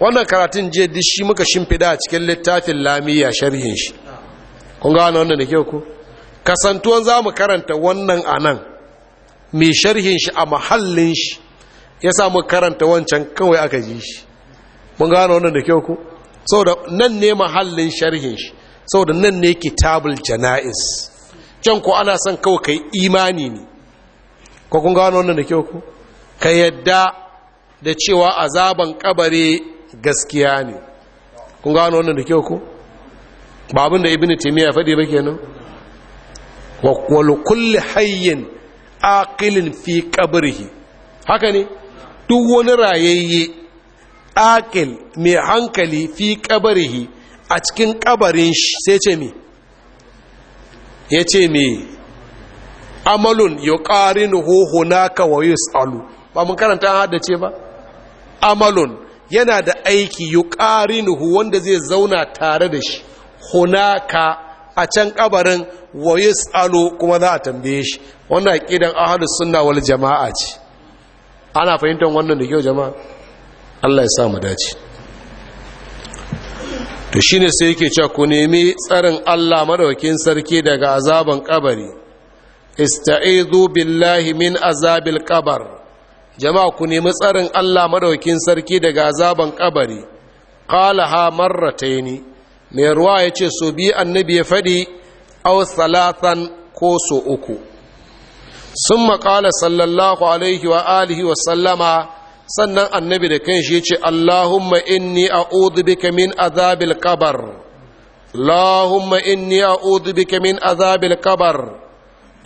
wannan karatun je shi muka shimfida a cikin littafin lamiya sharhin shi kun ga wannan da ke ku kasantuwan za mu karanta wannan anan mai sharhin shi a mahallin shi ya samu karanta wancan kawai aka ji shi mun gano wannan da kyau ku Sau da nan ne mahallin sharhin shi sau da nan ne kitabul jana'is can ku ana son kawai kai imani ne ko kun gano wannan da kyau ku ka yadda da cewa azaban kabare gaskiya ne kun gano wannan da kyau ku ba abin da ibnu ya faɗi ba kenan wa kulli hayyin aqilin fi qabrihi haka ne duk wani rayayye akil mai hankali fi kabarihi a cikin kabarin shi sai ce mi ya ce me amalun ya ƙari hoho naka wa tsalu ba mun karanta hada ce ba amalun yana da aiki ya ƙari nuhu wanda zai zauna tare da shi hunaka a can ƙabarin wa yus'alu kuma za a tambaye shi wannan ƙidan ahlus suna wal jama'a ce ana fahimtar wannan da kyau jama'a Allah ya sa mu dace to shine sai yake cewa ku nemi tsarin Allah madaukakin sarki daga azaban kabari ista'izu billahi min azabil kabar jama'a ku nemi tsarin Allah madaukakin sarki daga azaban kabari qala ha marrataini mai ruwa yace so bi annabi ya fadi aw salatan ko so uku sun maƙala sallallahu alaihi wa alihi wa sallama sannan annabi da kanshi ya ce allahumma inni a bika min azabil kabar allahumma inni a bika min azabil kabar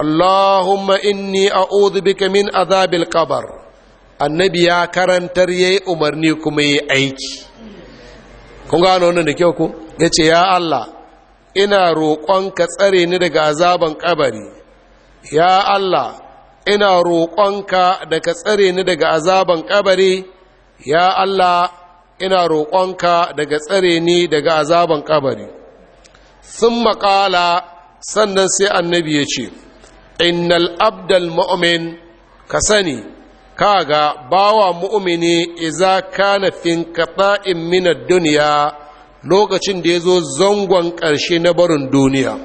allahumma inni a bika min azabil kabar annabi ya karantar ya yi umarni kuma yayi aiki kun gano wannan da kyau ku? Ya ce ya Allah ina roƙon ka tsare ni daga azaban kabari ya Allah ina roƙonka da ka tsare ni daga azaban kabari ya Allah ina roƙonka daga tsare ni daga azaban ƙabari. sun maƙala sannan sai annabi ya ce innal abdal mu'min ka sani kaga bawa mu'mini iza kana fin qata'in min ad-dunya lokacin da yazo zangon ƙarshe na barin duniya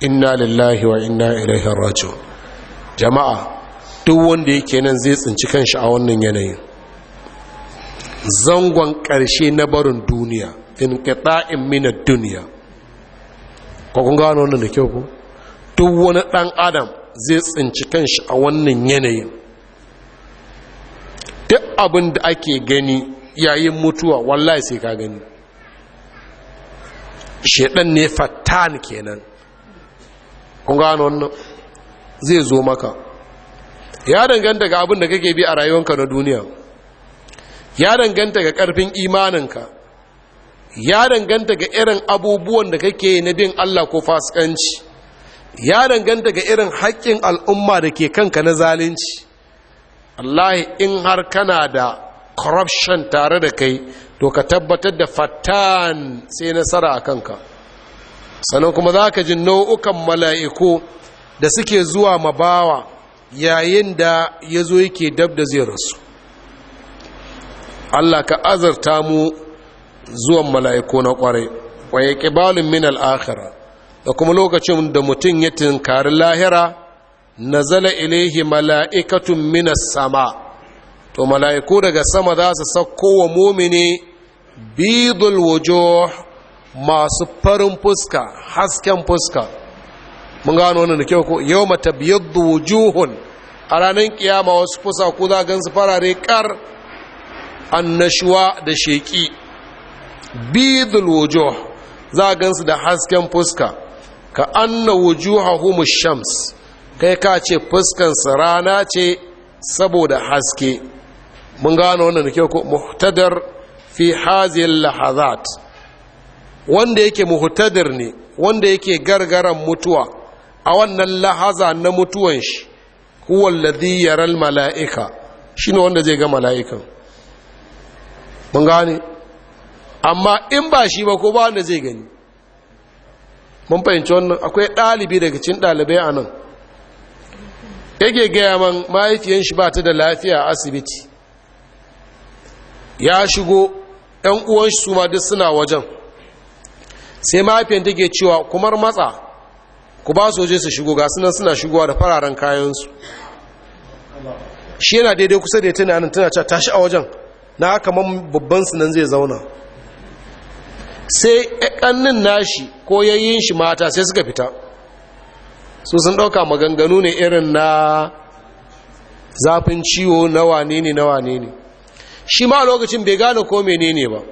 inna lillahi wa inna ilaihi raji'un jama'a duk wanda yake nan zai tsinci kanshi a wannan yanayin zangon ƙarshe na barin duniya in ƙaɗa'in minar duniya kun gano wannan da kyau ku duk wani ɗan adam zai tsinci kanshi a wannan yanayin duk abin da ake gani yayin mutuwa wallahi sai ka gani shaɗan ne fatan kenan kun gano wannan zai zo maka ya danganta ga abin da kake bi a rayuwanka na duniya ya danganta ga karfin imaninka ya danganta ga irin abubuwan da kake na bin Allah ko fasikanci ya danganta ga irin haƙƙin al'umma da ke kanka na zalunci Allah in har kana da corruption tare da kai to ka tabbatar da fatan sai nasara a kanka sannan kuma za ka ji nau'ukan mala'iku da suke zuwa mabawa yayin da ya zo yake dab da zai rasu allah ka azarta mu zuwan mala'iku na kwarai waye ƙibalin min al'akhira da kuma lokacin da mutum ya tinkari lahira na zala ilaihi mala'ikatun minas sama to mala'iku daga sama za su sauko wa mumini bidul wujuh masu farin fuska hasken fuska mun gano wannan da kyau ko yau mata wujuhun a ranar kiyama wasu fusa ku za gan su farare kar annashuwa da sheki bidul wujuh za gan su da hasken fuska ka anna wujuhahum shams kai ka ce fuskan su rana ce saboda haske mun gano wannan da kyau ko muhtadar fi hazil lahazat wanda yake muhtadir ne wanda yake gargaran mutuwa a wannan lahaza na mutuwan shi huwal ladhi yaral mala'ika ne wanda zai ga mala'ikan mun gane amma in ba shi ba ko ba wanda zai gani mun fahimci wannan akwai ɗalibi daga cin ɗalibai a nan yake gaya man mahaifiyan shi ba ta da lafiya a asibiti ya shigo ‘yan uwan shi su ma duk suna wajen sai mahaifiyan take cewa kumar matsa ku ba su waje su shigo ga sunan suna shigowa da fararen kayansu shi yana daidai kusa da ya tana nan tana cewa tashi a wajen na man babban sunan zai zauna sai ƙannin nashi ko yayin shi mata sai suka fita su sun ɗauka maganganu ne irin na zafin ciwo na wane ne na wane ne shi ma lokacin bai gane ko menene ba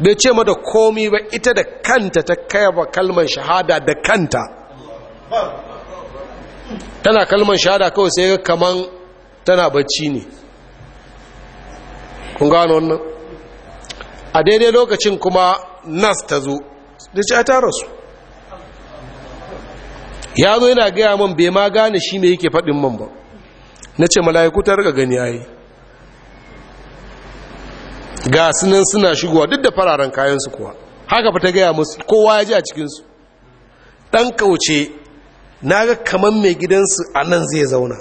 bai ce mata komi ba ita da kanta ta kaiwa kalmar shahada da kanta tana kalmar shahada kawai sai ga kaman tana bacci ne kun gano wannan a daidai lokacin kuma nas ta zo da ce tara rasu ya zo yana gaya man bai ma gane shi mai yake faɗin man ba na ce mala'iku kutar gani yayi ga sunan suna shigowa duk da fararen kayansu kuwa haka fa ta gaya musu kowa ya ji a cikinsu ɗan kauce na ga kamar mai gidansu a nan zai zauna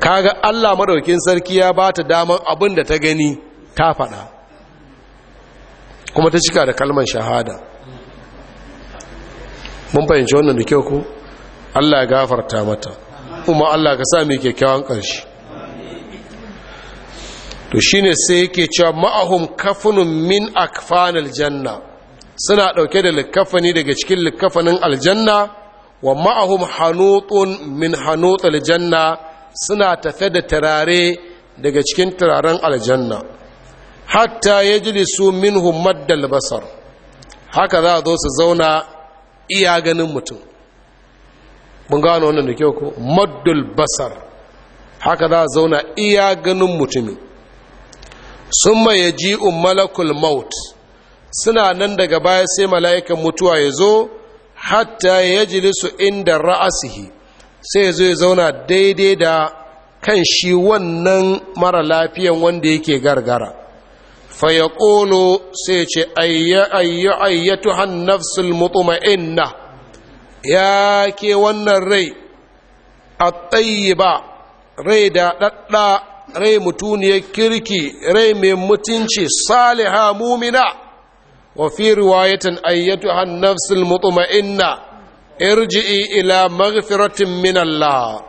kaga allah maraukin sarki ya ba ta daman abin da ta gani ta faɗa kuma ta cika da kalmar shahada mun fahimci wannan da kyau ku allah ya gafarta mata kuma allah ka sa mai kyakkyawan ƙarshe to shine sai yake cewa ma'ahum kafunun min akfanil janna suna ɗauke da likafani daga cikin likafanin aljanna wa ma'ahum hanutun min hanutul janna suna tafe da tarare daga cikin turaren aljanna hatta yajlisu minhum maddal basar haka za a zo su zauna iya ganin mutum mun gano wannan da kyau ko maddul basar haka za a zauna iya ganin mutumin Sun ya ji malakul maut suna nan daga baya sai mala'ikan mutuwa ya zo hatta ya jilisu inda ra'asihi sai ya zo ya zauna daidai da kan shi wannan mara lafiyan wanda yake gargara faya ƙolo sai ce ayyatu hannafsul mutuma'inna ya ke wannan rai a tsayi ba rai da ɗaɗɗa rai mutuniyar kirki rai mai mutunci saliha mumina wa fi riwayatin ayyatu an nafsul mutma'inna irji'i ila maghfiratin minalla.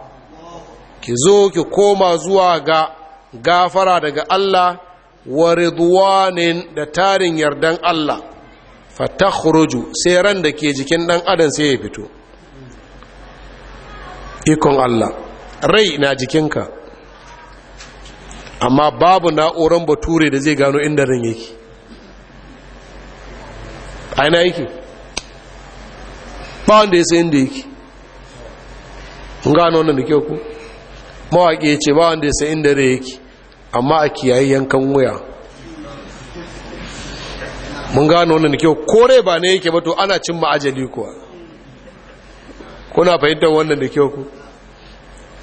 ki zo ki koma zuwa ga gafara daga Allah wa ridwanin da tarin yardan Allah fatakhruju sai ran da ke jikin dan adam sai ya fito ikon Allah rai na jikinka amma babu na'uran bature da zai gano inda ran yake aina yake ba wanda ya sai inda yake gano wannan da kyau ku mawaƙi ya ce ba wanda ya sai inda rai yake amma a kiyayi yankan wuya mun gano wannan da kyau kore ba na yake bato ana cin ma'ajali kuwa kuna fahimtar wannan da kyau ku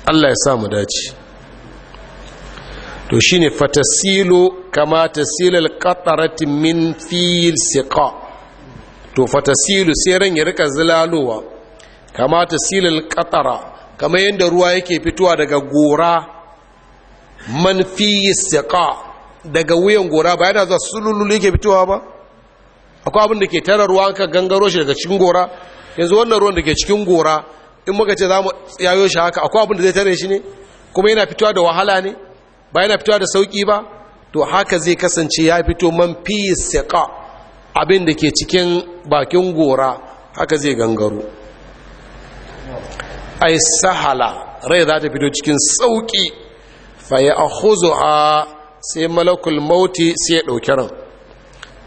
allah ya sa mu dace to shine fatasilu kama tasilal qatarati min fil siqa to fatasilu sai ran ya rika zilalowa kama tasilal qatara kama yanda ruwa yake fitowa daga gora man fi siqa daga wuyan gora ba yana zuwa sululu yake fitowa ba akwai abin da ke tara ruwa ka gangaro shi daga cikin gora yanzu wannan ruwan da ke cikin gora in muka ce za mu yayo shi haka akwai abin da zai tare shi ne kuma yana fitowa da wahala ne ba yana fitowa da sauki ba to haka zai kasance ya fito man fi saƙa. abin da ke cikin bakin gora haka zai gangaro ai sahala rai za ta fito cikin sauki a huzo a, sai malakul mauti sai ya dauki ran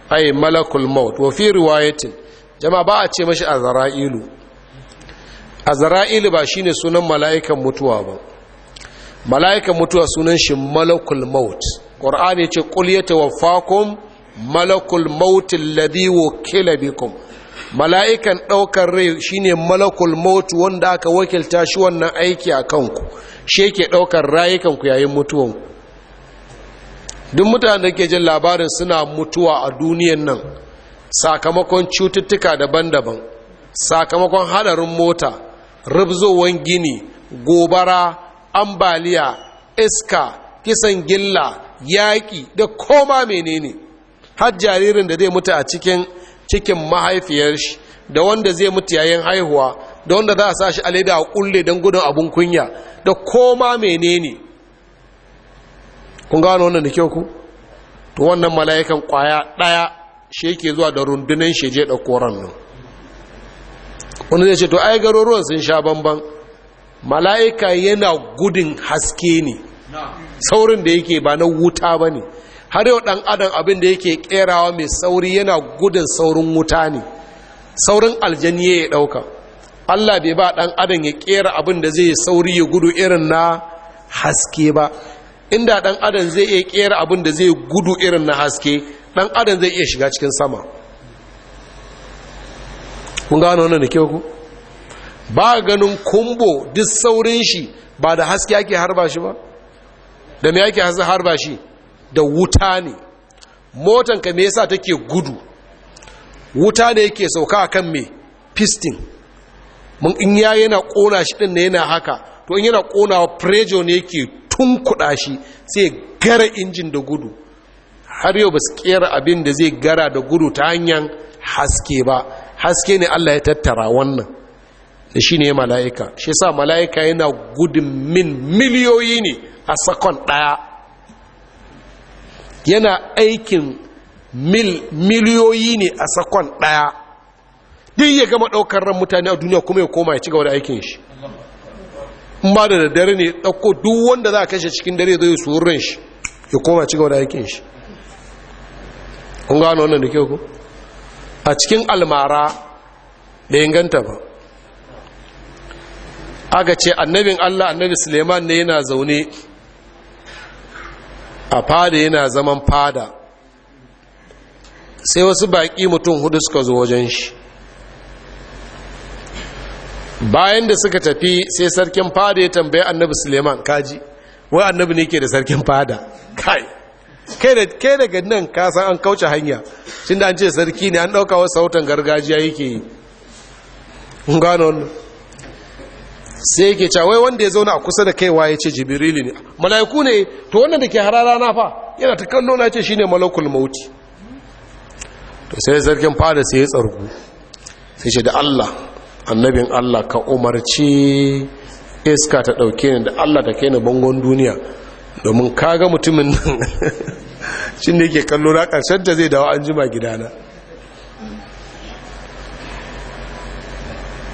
ai malakul mauti wa fi riwayatin jama'a ba a ce mashi a A azra'ilu ba shine sunan mala'ikan mutuwa ba mala'ikan mutuwa sunan shi malakul maut ƙwar'an ya ce ƙulyata wa fakon malakul mautin labi kun. mala'ikan ɗaukar rai shi ne malakul maut wanda aka wakilta shi wannan aiki a kanku shi ke ɗaukar rayukanku yayin ku. duk mutane da ke jin labarin suna mutuwa a duniyan nan sakamakon cututtuka daban-daban sakamakon hadarin mota rubzowan gini gobara ambaliya iska kisan gilla yaƙi da koma menene har jaririn da zai mutu a cikin cikin mahaifiyar shi da wanda zai mutu yayin haihuwa da wanda za a sa shi a leda a kulle don gudun abun kunya da koma menene kun gano wannan da kyau ku to wannan mala'ikan kwaya ɗaya shi yake zuwa da rundunan shi je da koran nan wani zai ce to ai garuruwan sun sha bambam? mala'ika yana gudun haske ne saurin da yake ba na wuta ba ne har yau ɗan adam abin da yake ƙerawa mai sauri yana gudun saurin wuta ne saurin aljaniye ya ɗauka allah bai ba ɗan adam ya ƙera abin da zai sauri ya gudu irin na haske ba inda ɗan adam zai iya ƙera abin da zai gudu irin na haske ɗan adam zai iya shiga cikin sama kun gano wannan da kyau ku ba ganin kumbo duk saurin shi ba da haske ake harba shi ba da me ake harba shi da wuta ne motan ka yasa take gudu wuta ne yake sauka a kan me piston mun in ya yana kona shi din na yana haka to in yana wa prejo ne yake kuda shi sai gara injin da gudu har yau ba su kera abin da zai gara da gudu ta hanyar haske ba haske ne Allah ya tattara wannan da shi ne mala'ika shi sa mala'ika yana gudun min miliyoyi ne a sakon ɗaya yana aikin miliyoyi ne a sakon ɗaya duk ya gama ɗaukar ran mutane a duniya kuma ya koma ya ci gaba da aikin shi in ba da daddare ne ɗauko duk wanda za a kashe cikin dare zai su ran shi ya koma ci gaba da aikin shi kun gano wannan da ke ku a cikin almara da inganta ba aka ce annabin Allah annabi Suleiman ne yana zaune a fada yana zaman fada sai wasu baƙi mutum hudu suka zo wajen shi bayan da suka tafi sai sarkin fada ya tambaye annabi Suleiman kaji wai annabi ne ke da sarkin fada kai kai daga nan kasan an kauce hanya shi da an ce sarki ne an ɗauka wasu sautan gargajiya yake yi gano sai yake cewa wai wanda ya zauna a kusa da kaiwa ya ce jibrili ne mala'iku ne to wannan da ke harara na fa yana ta kallo na ce shine malakul mauti to sai zargin fada sai ya tsargu sai ce da Allah annabin Allah ka umarci iska ta dauke ni da Allah ta kai ni bangon duniya domin ka ga mutumin nan shin da yake kallo na karshen da zai dawo an jima gidana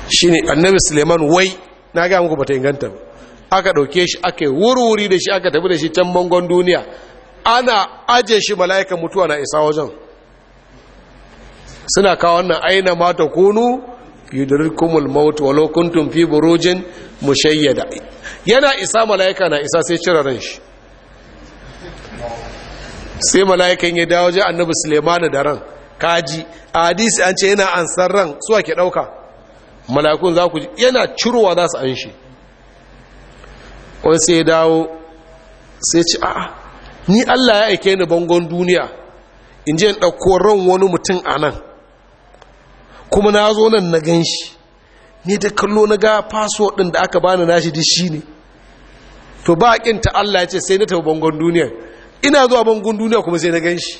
shine annabi Suleiman wai na ga muku bata inganta ba aka ɗauke shi aka yi wuri-wuri da shi aka tafi da shi can bangon duniya ana aje shi mala'ikan mutuwa na isa wajen suna kawo wannan aina mata kunu yudurkumul maut walau kuntum fi burujin mushayyada yana isa mala'ika na isa sai cire ran shi sai mala'ikan ya dawo ji annabi Suleimanu da ran kaji a hadisi an ce yana ansar ran suwa ke ɗauka Malakun za ku ji yana cirowa za su an shi wani sai dawo sai ci a'a ni allah ya aike ni bangon duniya in je in ɗauko ran wani mutum a nan kuma na zo nan na gan shi ni da kallo na ga faso ɗin da aka bani na da shi ne to ba ta allah ya ce sai na tafi bangon duniya ina zuwa bangon duniya kuma sai na gan shi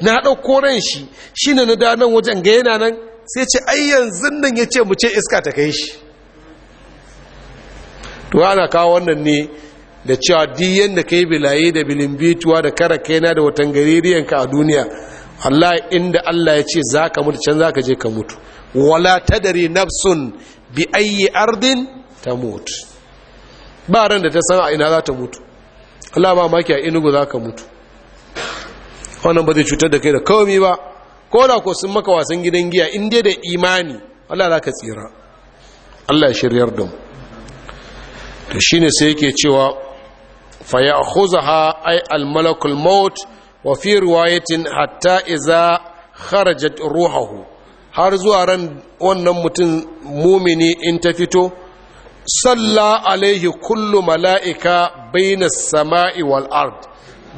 na ɗauko ran shi shi na da nan wajen ga yana nan sai ce ai yanzun nan ya ce mu ce iska ta kai shi to ana kawo wannan ne da cewa diyan da kai bilaye da bilimbituwa da kara kaina da watan gaririyanka a duniya Allah inda Allah ya ce za ka mutu can za ka je ka mutu wala ta dare nafsun bi ayi ardin ta mutu ba ran da ta san a ina za ta mutu Allah ba maki a inugu za ka mutu wannan ba zai cutar da kai da kawami ba ko da ko sun maka wasan gidan giya in dai da imani Allah za ka tsira Allah ya shiryar da mu shi ne sai yake cewa fa ya'khuzaha ay al malakul maut wa fi riwayatin hatta iza kharajat ruhuhu har zuwa ran wannan mutum mumini in ta fito salla alaihi kullu mala'ika baina sama'i wal ard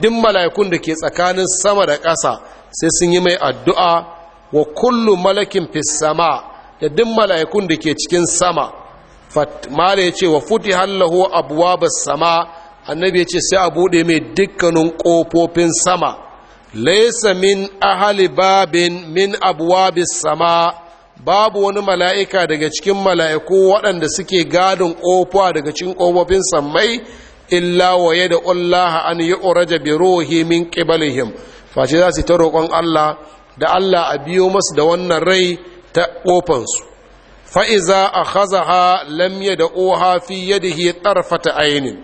din mala'ikun da ke tsakanin sama da ƙasa sai sun yi mai addu'a wa kullum malakin fissama sama da din mala'ikun da ke cikin sama da ya ce wa futi hallahu abuwa sama annabi ya ce sai a buɗe mai dukkanin ƙofofin sama laisa min ahali babin min abuwa sama babu wani mala'ika daga cikin mala'iku waɗanda suke gadin ƙofa daga cikin ƙofofin samai illa waye da ƙullaha an yi uraja min ƙibalihim face za su ta roƙon Allah da Allah a biyo masu da wannan rai ta ƙofansu fa'iza a hazaha lamye da oha fi hi tarfata ainin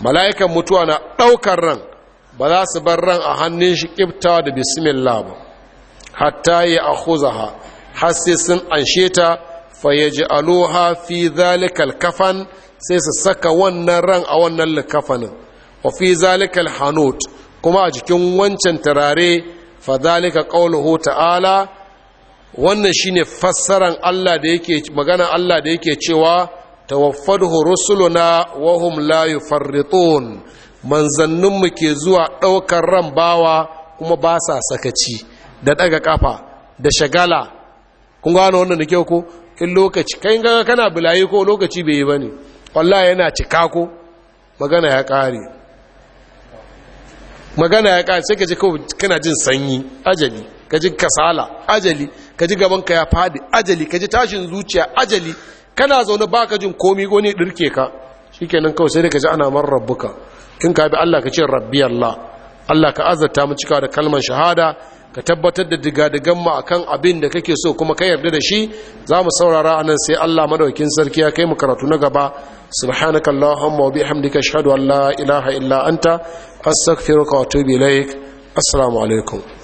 mala'ikan mutuwa na ɗaukar ran ba za su bar ran a hannun shi ƙiftawa da bismillah ba hatta yi a huzaha har sai sun anshe ta fayyaji aloha fi zalikal kafan sai su saka wannan ran a wannan likafanin wa fi zalikal hanot kuma a jikin wancan turare fadalika qauluhu ta'ala wannan shine fassaran Allah da yake magana Allah da yake cewa tawaffadhu rusuluna wa hum la yufarritun mu ke zuwa ɗaukar ran bawa kuma ba sa sakaci da ɗaga kafa da shagala kun gano wannan da kyau ko in lokaci kai gaga kana bulayi ko lokaci bai yi ba ne yana cika ko magana ya ƙare magana ya ƙara sai ka ji kana jin sanyi ajali ka ji kasala ajali ka ji ka ya fadi ajali ka ji tashin zuciya ajali kana zaune ba ka jin komi goni ɗirke ka shi kenan kawai sai da ka ji ana man rabbuka in ka bi allah ka ce rabbi allah allah ka azarta mu cika da kalmar shahada ka tabbatar da digadigan mu akan abin da kake so kuma ka yarda da shi za mu saurara anan sai Allah madaukin sarki ya kai mu karatu na gaba subhanaka allahumma wa bihamdika ashhadu an la ilaha illa anta astaghfiruka wa atubu ilaik assalamu alaikum